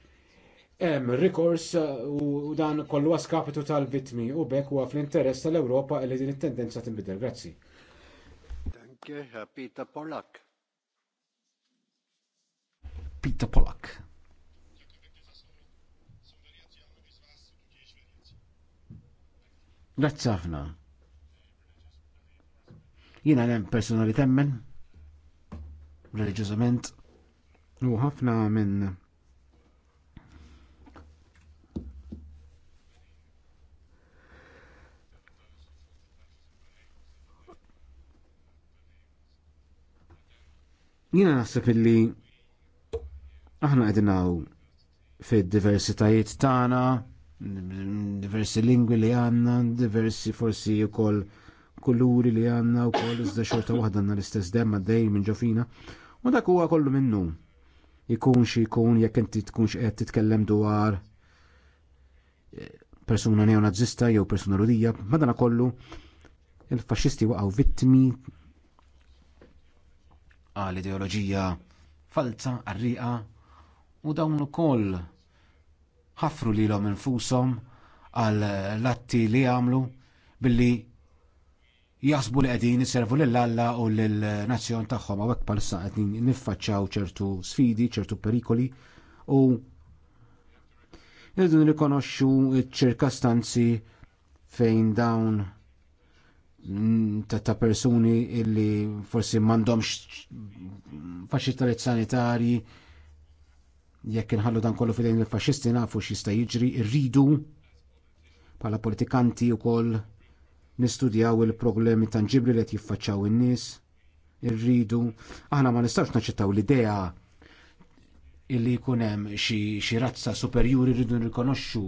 hemm rikors uh, u dan kollu għaskapitu tal-vitmi u bekk huwa fl-interess tal-Ewropa li din it-tendenza tinbidel. Grazzi. Danke, Peter Polak. Peter Polak. Grazzi ħafna. Jina nem personali temmen, religiosament, u ħafna minn Jina naħseb illi aħna għedinaw fid-diversitajiet tagħna, diversi lingwi li għanna, diversi forsi u koll kuluri li għanna u koll iżda xorta wahda għanna l-istess demma dej minn ġofina. U dak huwa kollu minnu. Ikun xi jkun jekk inti tkunx qed titkellem dwar eh, persuna neonazista jew persuna rudija, madana kollu il-faxxisti waqgħu vittmi għal ideoloġija falsa, arriqa u dawn ukoll ħafru lilhom infushom għal latti li għamlu billi jasbu li qegħdin iservu lil alla u l nazzjon tagħhom hawnhekk palissa qegħdin niffaċċjaw ċertu sfidi, ċertu perikoli u irridu nirrikonoxxu ċ-ċirkastanzi fejn dawn ta' persuni illi forsi m'għandhomx faċilitajiet sanitarji jekk inħallu dan kollu fidejn il-faxxisti nafu x'jista' jiġri rridu bħala politikanti wkoll nistudjaw il-problemi tangibli li qed jiffaċċaw in-nies, irridu, aħna ma nistax naċċettaw l-idea illi jkun hemm xi razza superjuri rridu nirrikonoxxu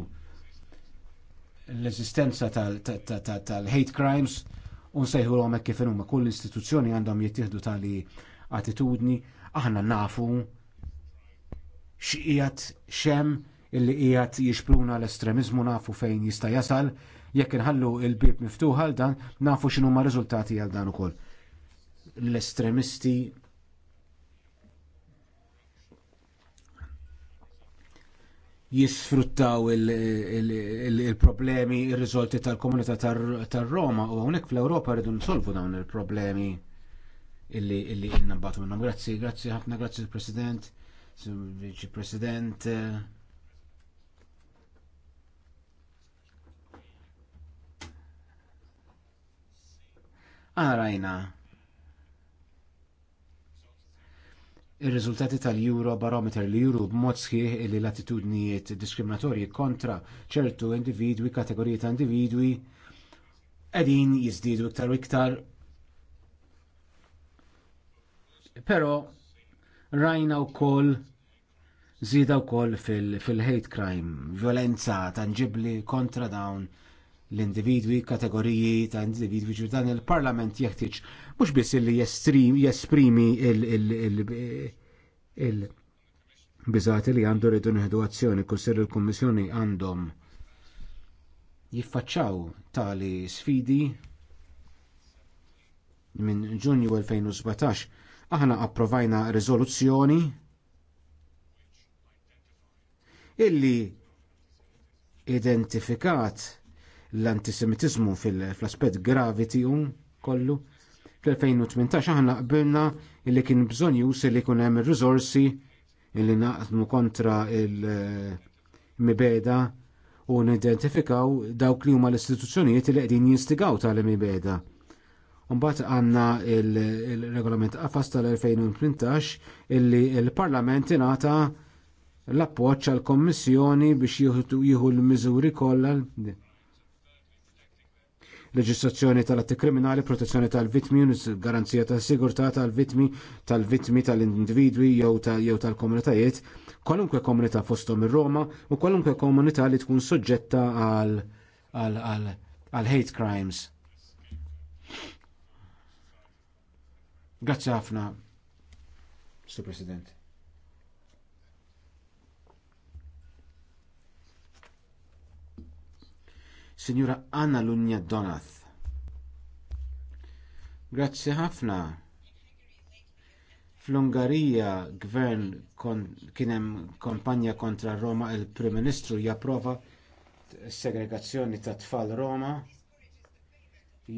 l-eżistenza tal-hate crimes u nsejħu l kif huma kull istituzzjoni għandhom jittieħdu tali attitudni, aħna nafu x'qiegħed xem illi qiegħed jixpruna l-estremizmu nafu fejn jista' jasal, Jekk inħallu il-bib miftuħ għal dan, nafu x'inhu ma' riżultati għal dan ukoll. L-estremisti jisfruttaw il-problemi il riżolti tal-komunità tar-Roma u hawnhekk fl-Ewropa rridu nsolvu dawn il-problemi illi illi innambatu minnhom. Grazzi, grazzi ħafna, grazzi President, Viċi President. Għarajna. Ir-riżultati tal-Euro barometer li juru b'mod sħiħ li l-attitudnijiet diskriminatorji kontra ċertu individwi, kategoriji ta' individwi, qegħdin jizdidu iktar u iktar. Però rajna wkoll żieda wkoll fil-hate crime, violenza tangibbli kontra dawn l-individwi, kategoriji ta' individwi ġu dan il-parlament jeħtieġ mhux biss li jesprimi il-biżati li għandu rridu nieħdu azzjoni kussir il-Kummissjoni għandhom jiffaċċaw tali sfidi minn Ġunju 2017 aħna approvajna riżoluzzjoni illi identifikat l-antisemitizmu fl-aspet gravi tiegħu kollu. Fl-2018 aħna qbilna li kien bżonn jusi li jkun hemm ir-riżorsi li naqdmu kontra il-mibeda u nidentifikaw dawk li huma l-istituzzjonijiet li qegħdin jinstigaw tal-mibeda. Mbagħad għandna il-regolament qafas tal-2018 illi l-Parlament ingħata l-appoġġ għall kommissjoni biex jieħu l-miżuri kollha leġislazzjoni tal-atti kriminali, protezzjoni tal-vitmi, garanzija tal-sigurtà tal-vitmi, tal-vitmi tal-individwi jew tal-komunitajiet, kwalunkwe komunità fosthom ir-Roma u kwalunkwe komunità li tkun soġġetta għal hate crimes. Grazzi ħafna, Sir President. Signora Anna Lunja Donath. Grazzi ħafna. Fl-Ungarija gvern kon, kienem kampanja kontra Roma il-Prim Ministru japprova segregazzjoni ta' tfal Roma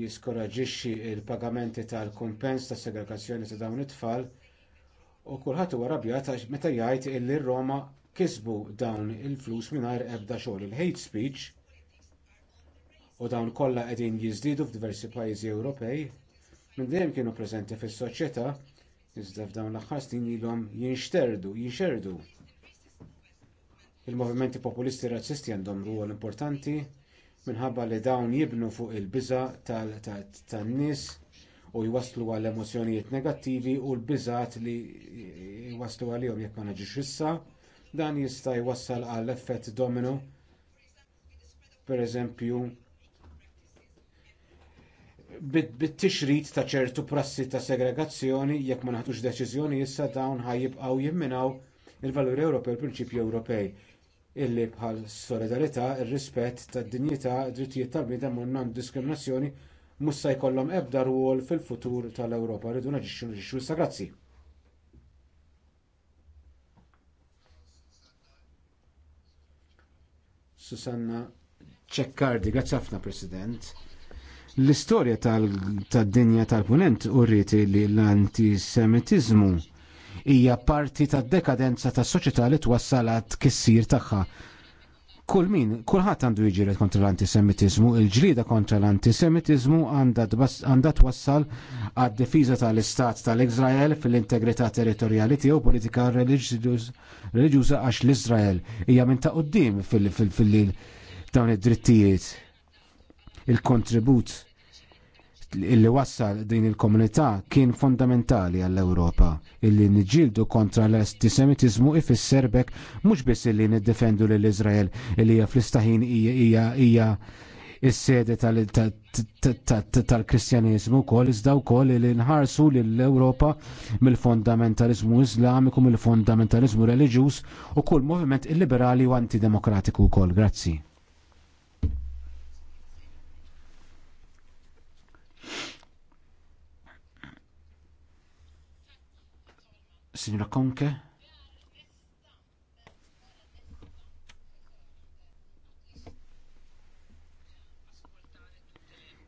jiskoraġixxi l pagamenti tal-kumpens ta' segregazzjoni ta' dawn it-tfal u kulħadd huwa rabjat meta jgħid illi Roma kisbu dawn il-flus mingħajr ebda xogħol. Il-hate speech u dawn kollha qegħdin jiżdiedu f'diversi pajjiżi Ewropej minn dejjem kienu preżenti fis-soċjetà iżda f'dawn l-aħħar snin ilhom jinxterdu, jinxerdu. Il-movimenti populisti razzisti għandhom ruol importanti minħabba li dawn jibnu fuq il-biża tan-nies u jwasslu għal emozjonijiet negattivi u l-biżat li jwasslu għalihom jekk ma naġix issa, dan jista' jwassal għal effett domino. Pereżempju bit-tixrid ta' ċertu prassi ta' segregazzjoni jekk ma naħtux deċiżjoni issa dawn ħajjibqgħu jimminaw il-valuri Ewropew, il-prinċipji Ewropej illi bħal solidarità, ir-rispett tad-dinjità, drittijiet tal-bniedem u non-diskriminazzjoni mhux se jkollhom ebda rwol fil-futur tal-Ewropa. Rridu naġixxu nixxu issa grazzi. Susanna Ċekkardi, grazzi ħafna President. L-istorja tad-dinja tal-punent u rriti li l-antisemitizmu hija parti tad-dekadenza tas-soċjetà li twassalat kissir tagħha kull min, kulħadd għandu jiġiret kontra l-antisemitizmu, il-ġlida kontra l-antisemitizmu għandha twassal għad difiża tal-istat tal-Izrael fil-integrità territorjali tiegħu politika reliġjuża għax l-Izrael hija minn ta' qudiem fil-dawn id-drittijiet. Il-kontribut illi wassal din il-komunità kien fondamentali għall-Ewropa. Illi nġildu kontra l-antisemitizmu ifisser bek mhux biss illi niddefendu lill iżrael illi hija fl-istaħin hija hija is-sede tal-Kristjaniżmu wkoll iżda wkoll li nħarsu lill-Ewropa mill-fundamentaliżmu Iżlamiku mill fundamentalizmu reliġjuż u kull moviment illiberali u antidemokratiku wkoll. Grazzi. Signora Conke?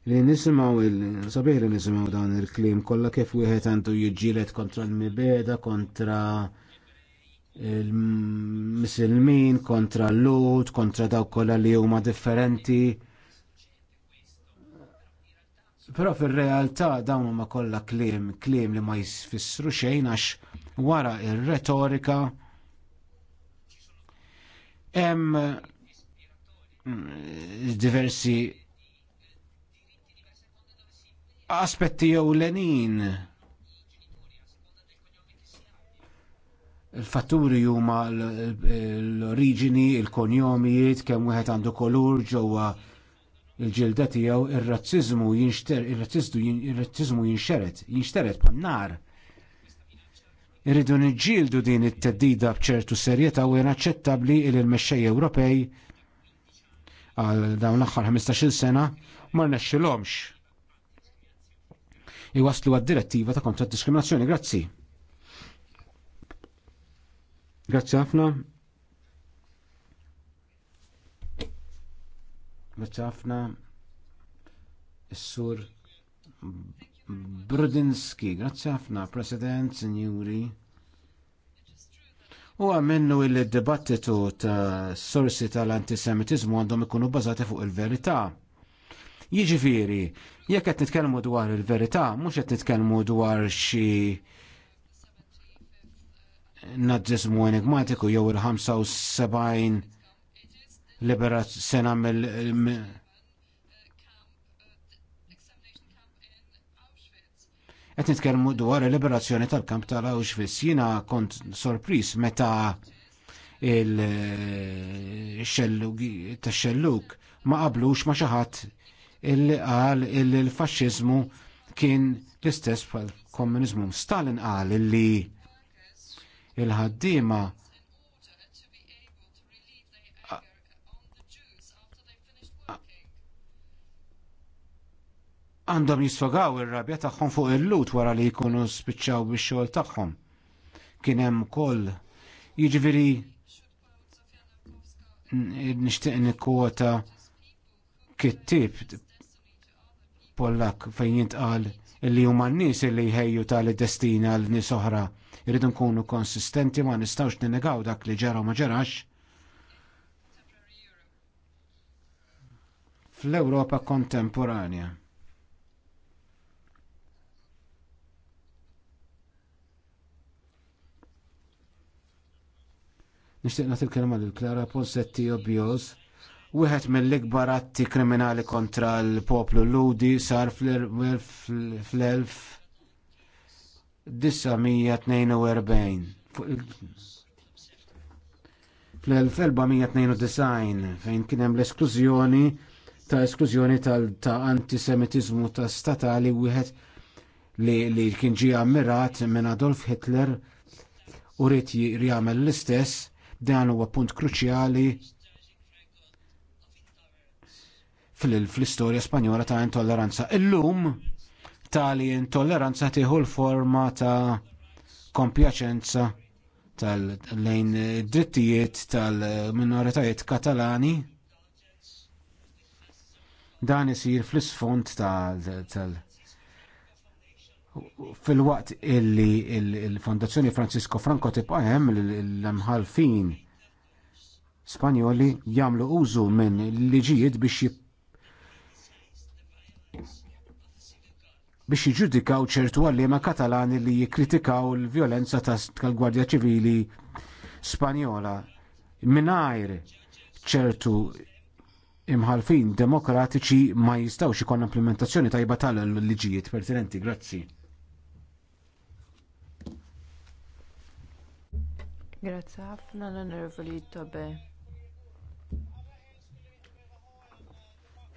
li nisimaw il-sabiħ li nisimaw dan il-klim kolla kif wieħed għandu jiġġielet kontra l-mibeda, kontra il-misilmin, kontra l-lut, kontra daw kolla li huma differenti. Però fil-realtà dawn huma kollha kliem, kliem li ma jfissru xejn għax wara il retorika hemm diversi aspetti jew lenin il-fatturi huma l-oriġini, il-konjomijiet, kemm wieħed għandu kolur ġewwa il-ġilda tiegħu ir-razziżmu jinxter ir-razziżmu jinxteret, jinxteret pan-nar. Irridu niġġieldu din it-teddida bċertu serjetà u inaċċettabbli il l mexxej Ewropej għal dawn l-aħħar 15-il sena ma rnexxilhomx. Iwaslu għad-direttiva ta' kontra diskriminazzjoni. Grazzi. Grazzi ħafna. Grazzi ħafna. Is-sur Brudinski. Grazzi ħafna, President, Signori. U għamennu il-dibattitu ta' sorsi tal-antisemitizmu għandhom ikunu bazati fuq il-verità. Jiġifieri, jekk qed nitkellmu dwar il-verità, mhux qed nitkellmu dwar xi naġġismu enigmatiku jew il-75 liberat sena mill Qed nitkellmu dwar il-liberazzjoni tal-kamp tal-Auschwitz. Jiena kont sorpris meta il xelluk ta' xelluk ma qablux ma xi ħadd illi qal illi l kien l-istess pal komuniżmu Stalin qal li il ħaddiema għandhom jisfogaw ir-rabja tagħhom fuq il-lut wara li jkunu spiċċaw bix-xogħol tagħhom. Kien hemm ukoll jiġifieri nixtieq nikkwota kittib Pollak fejn jintqal illi huma n-nies illi jħejju tal-destin għal nies oħra. Irridu nkunu konsistenti ma nistgħux ninegaw dak li ġara ma ġarax. fl-Ewropa kontemporanja. Nixtieq til l-kelma l Klara Pozzetti Objoz. Wieħed mill-ikbar atti kriminali kontra l-poplu ludi sar fl-1942 fl-1492 fejn kien hemm l-esklużjoni ta' esklużjoni ta' antisemitiżmu ta' statali wieħed li, li kien ġie ammirat minn Adolf Hitler u rrid jagħmel l-istess Dan huwa punt kruċjali fl-istorja Spanjola ta' intolleranza. Illum tali intolleranza tieħu l-forma ta' kompjaċenza tal-lejn drittijiet tal-minoritajiet katalani dan isir fl-isfond tal-, tal, tal fil-waqt illi il-Fondazzjoni Francisco Franco tibqajem hemm l mħalfin Spanjoli jagħmlu użu minn liġijiet biex biex ċertu għallima katalani li jikkritikaw l violenza tal-Gwardja Ċivili Spanjola minajr ċertu imħalfin demokratiċi ma jistawx ikon implementazzjoni tajba tal-liġijiet pertinenti. Grazzi. Grazie ħafna l-onorevoli Tobe.